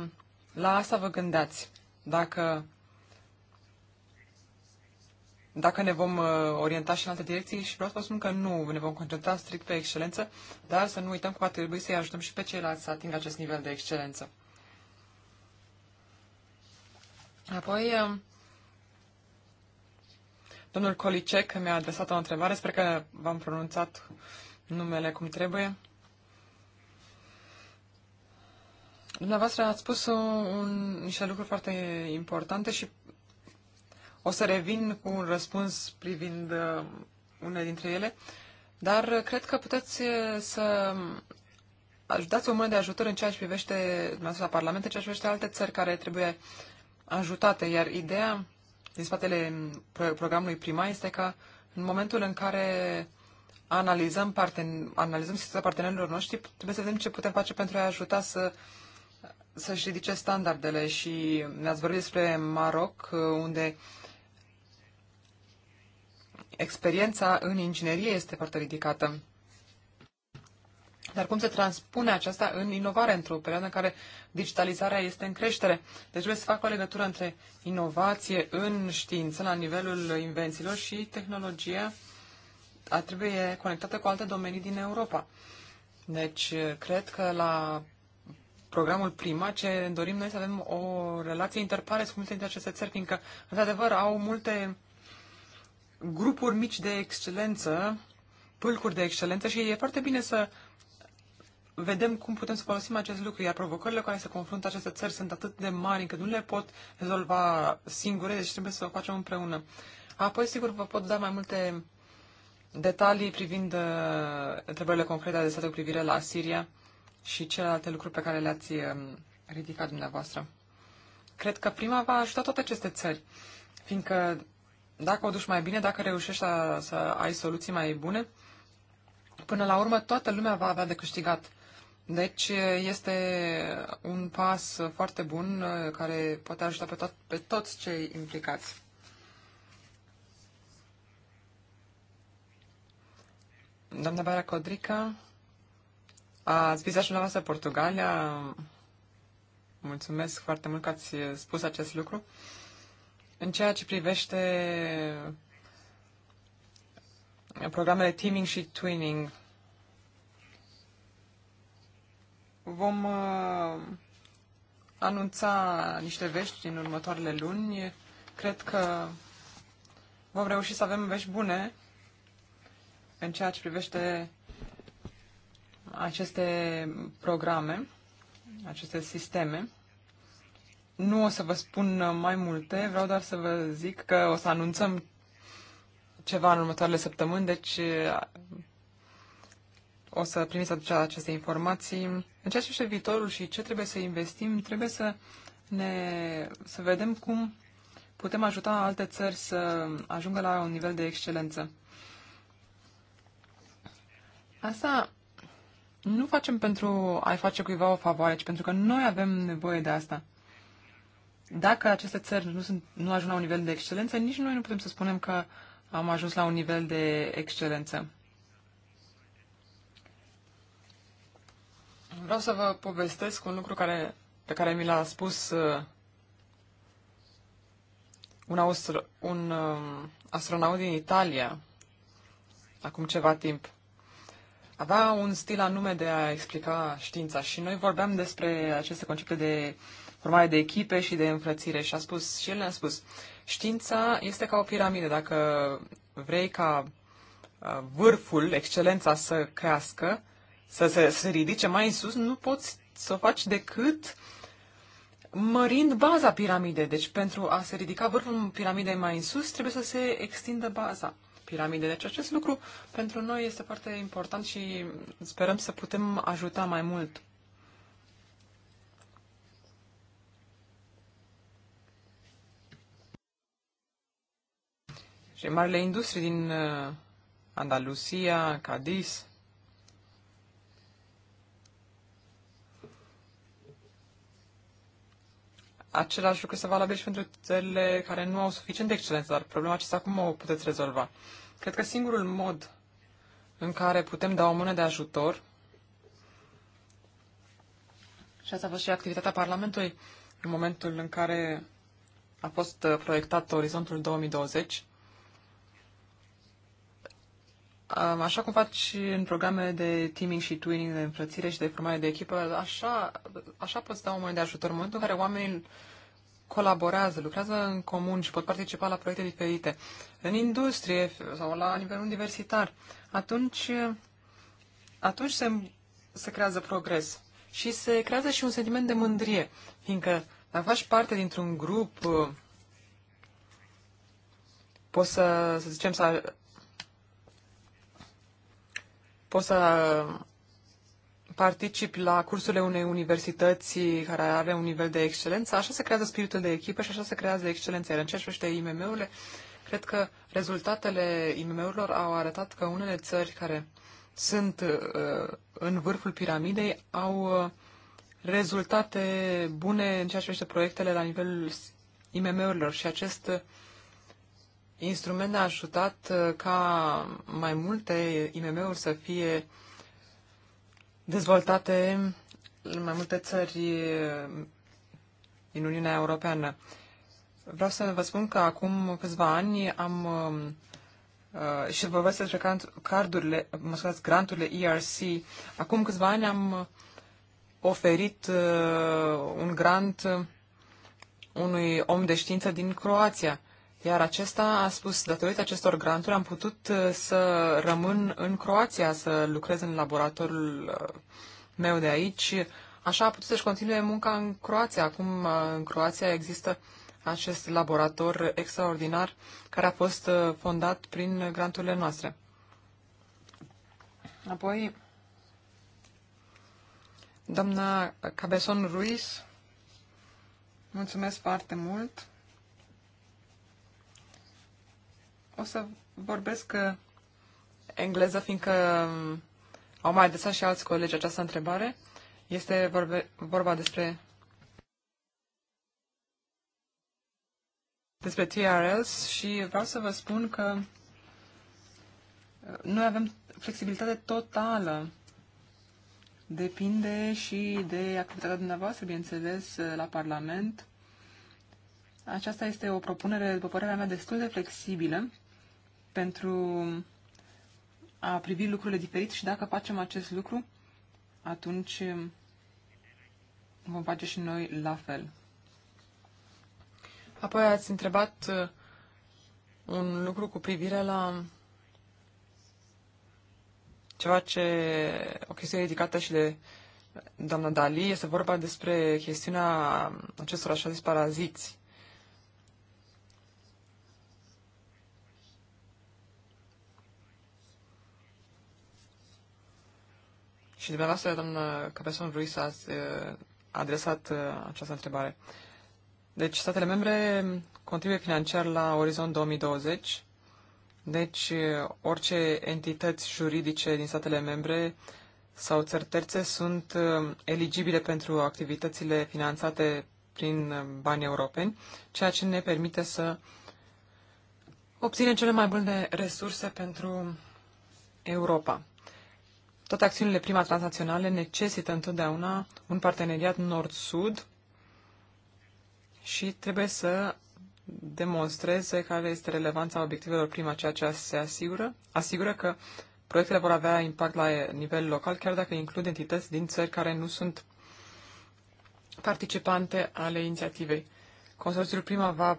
la asta vă gândeați. Dacă, dacă ne vom uh, orienta și în alte direcții și vreau să vă spun că nu ne vom concentra strict pe excelență, dar să nu uităm că va trebui să-i ajutăm și pe ceilalți să atingă acest nivel de excelență. Apoi, uh, Domnul Colicec mi-a adresat o întrebare, sper că v-am pronunțat numele cum trebuie. Dumneavoastră ați spus un, niște lucruri foarte importante și o să revin cu un răspuns privind uh, unele dintre ele, dar cred că puteți uh, să ajutați o mână de ajutor în ceea ce privește, dumneavoastră la Parlament, în ceea ce privește alte țări care trebuie ajutate, iar ideea din spatele mm, programului Prima este că în momentul în care analizăm, parten, analizăm situația partenerilor noștri, trebuie să vedem ce putem face pentru a ajuta să să-și ridice standardele și ne-ați vorbit despre Maroc, unde experiența în inginerie este foarte ridicată. Dar cum se transpune aceasta în inovare într-o perioadă în care digitalizarea este în creștere? Deci trebuie să facă o legătură între inovație în știință, la nivelul invențiilor și tehnologia a trebuie conectată cu alte domenii din Europa. Deci, cred că la programul Prima, ce dorim noi să avem o relație interpare cu multe dintre aceste țări, fiindcă, într-adevăr, au multe grupuri mici de excelență, pâlcuri de excelență și e foarte bine să vedem cum putem să folosim acest lucru, iar provocările cu care se confruntă aceste țări sunt atât de mari încât nu le pot rezolva singure, deci trebuie să o facem împreună. Apoi, sigur, vă pot da mai multe detalii privind uh, întrebările concrete ale state cu privire la Siria și celelalte lucruri pe care le-ați uh, ridicat dumneavoastră. Cred că prima va ajuta toate aceste țări, fiindcă dacă o duci mai bine, dacă reușești a, să ai soluții mai bune, până la urmă toată lumea va avea de câștigat. Deci este un pas foarte bun uh, care poate ajuta pe, tot, pe toți cei implicați. Doamna Bara Codrica, ați vizat și dumneavoastră Portugalia. Mulțumesc foarte mult că ați spus acest lucru. În ceea ce privește programele teaming și twinning, Vom uh, anunța niște vești în următoarele luni. Cred că vom reuși să avem vești bune în ceea ce privește aceste programe, aceste sisteme. Nu o să vă spun mai multe, vreau doar să vă zic că o să anunțăm ceva în următoarele săptămâni, deci o să primiți atunci aceste informații. În ceea ce este viitorul și ce trebuie să investim, trebuie să, ne, să vedem cum putem ajuta alte țări să ajungă la un nivel de excelență. Asta nu facem pentru a-i face cuiva o favoare, ci pentru că noi avem nevoie de asta. Dacă aceste țări nu, sunt, nu ajung la un nivel de excelență, nici noi nu putem să spunem că am ajuns la un nivel de excelență. Vreau să vă povestesc un lucru care, pe care mi l-a spus uh, un, austro, un uh, astronaut din Italia acum ceva timp. Avea un stil anume de a explica știința și noi vorbeam despre aceste concepte de formare de echipe și de înfrățire și a spus, și el ne-a spus, știința este ca o piramidă, dacă vrei ca uh, vârful, excelența să crească, să, se, să se ridice mai în sus, nu poți să o faci decât mărind baza piramidei. Deci pentru a se ridica vârful piramidei mai în sus, trebuie să se extindă baza piramidei. Deci acest lucru pentru noi este foarte important și sperăm să putem ajuta mai mult. Și marile industrii din uh, Andalusia, Cadiz, același lucru este valabil și pentru țările care nu au suficient de excelență, dar problema aceasta cum o puteți rezolva? Cred că singurul mod în care putem da o mână de ajutor, și asta a fost și activitatea Parlamentului în momentul în care a fost proiectat orizontul 2020, Așa cum faci în programele de teaming și twinning, de înfrățire și de formare de echipă, așa, așa poți da o moment de ajutor în momentul în care oamenii colaborează, lucrează în comun și pot participa la proiecte diferite, în industrie sau la nivel universitar, atunci, atunci se, se creează progres și se creează și un sentiment de mândrie, fiindcă dacă faci parte dintr-un grup, poți să, să zicem, să poți să participi la cursurile unei universități care are un nivel de excelență, așa se creează spiritul de echipă și așa se creează excelența. Iar în ceea ce privește IMM-urile, cred că rezultatele IMM-urilor au arătat că unele țări care sunt uh, în vârful piramidei au uh, rezultate bune în ceea ce privește proiectele la nivelul IMM-urilor și acest instrument a ajutat uh, ca mai multe IMM-uri să fie dezvoltate în mai multe țări uh, din Uniunea Europeană. Vreau să vă spun că acum câțiva ani am uh, uh și vorbesc despre cardurile, mă scuzați, granturile ERC. Acum câțiva ani am oferit uh, un grant unui om de știință din Croația iar acesta a spus, datorită acestor granturi am putut uh, să rămân în Croația, să lucrez în laboratorul uh, meu de aici. Așa a putut să-și continue munca în Croația. Acum uh, în Croația există acest laborator extraordinar care a fost fondat prin granturile noastre. Apoi, doamna Cabeson Ruiz, mulțumesc foarte mult. O să vorbesc uh, engleză, fiindcă um, au mai adresat și alți colegi această întrebare. Este vorbe, vorba despre despre TRLs și vreau să vă spun că uh, noi avem flexibilitate totală. Depinde și de activitatea dumneavoastră, bineînțeles, uh, la Parlament. Aceasta este o propunere, după părerea mea, destul de flexibilă pentru a privi lucrurile diferit și dacă facem acest lucru, atunci vom face și noi la fel. Apoi ați întrebat uh, un lucru cu privire la ceva ce, o chestie ridicată și de doamna Dali, este vorba despre chestiunea acestor așa zis paraziți. Și dumneavoastră, doamnă Capeson Ruiz, ați uh, adresat uh, această întrebare. Deci, statele membre contribuie financiar la Orizont 2020, deci uh, orice entități juridice din statele membre sau țări terțe sunt eligibile pentru activitățile finanțate prin bani europeni, ceea ce ne permite să obținem cele mai bune resurse pentru Europa. Toate acțiunile prima transnaționale necesită întotdeauna un parteneriat nord-sud și trebuie să demonstreze care este relevanța obiectivelor prima, ceea ce se asigură, asigură că proiectele vor avea impact la nivel local, chiar dacă includ entități din țări care nu sunt participante ale inițiativei. Consorțiul Prima va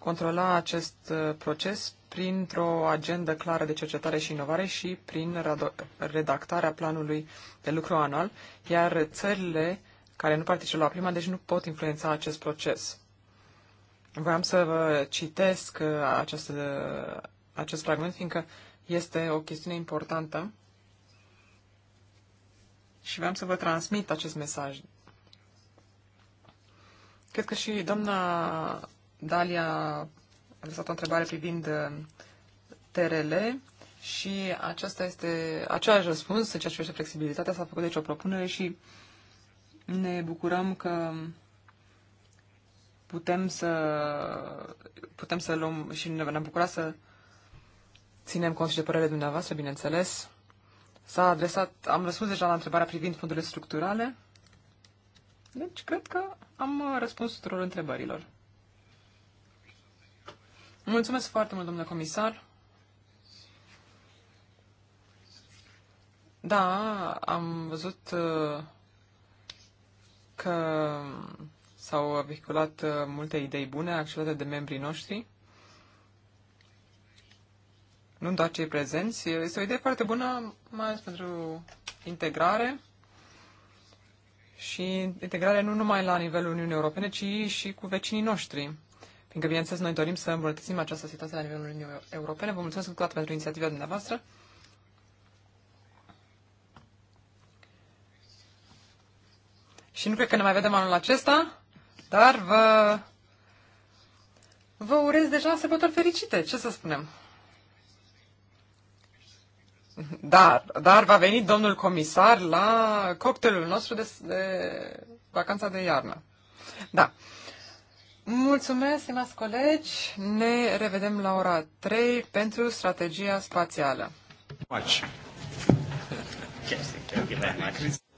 controla acest uh, proces printr-o agendă clară de cercetare și inovare și prin redactarea planului de lucru anual, iar țările care nu participă la prima, deci nu pot influența acest proces. Vreau să vă citesc uh, acest, acest fragment, fiindcă este o chestiune importantă și vreau să vă transmit acest mesaj. Cred că și doamna Dalia a lăsat o întrebare privind uh, TRL și aceasta este același răspuns în ceea ce privește flexibilitatea. S-a făcut deci o propunere și ne bucurăm că putem să putem să luăm și ne, ne-am bucurat să ținem cont și de părerea dumneavoastră, bineînțeles. S-a adresat, am răspuns deja la întrebarea privind fondurile structurale. Deci, cred că am răspuns tuturor întrebărilor. Mulțumesc foarte mult, domnule comisar. Da, am văzut uh, că s-au vehiculat uh, multe idei bune acționate de membrii noștri. Nu doar cei prezenți. Este o idee foarte bună, mai ales pentru integrare și integrare nu numai la nivelul Uniunii Europene, ci și cu vecinii noștri. Fiindcă, bineînțeles, noi dorim să îmbunătățim această situație la nivelul Uniunii Europene. Vă mulțumesc încă pentru inițiativa dumneavoastră. Și nu cred că ne mai vedem anul acesta, dar vă, vă urez deja sărbători fericite, ce să spunem. Dar, dar va veni domnul comisar la cocktailul nostru de, de vacanța de iarnă. Da. Mulțumesc, stimați colegi. Ne revedem la ora 3 pentru strategia spațială. Much.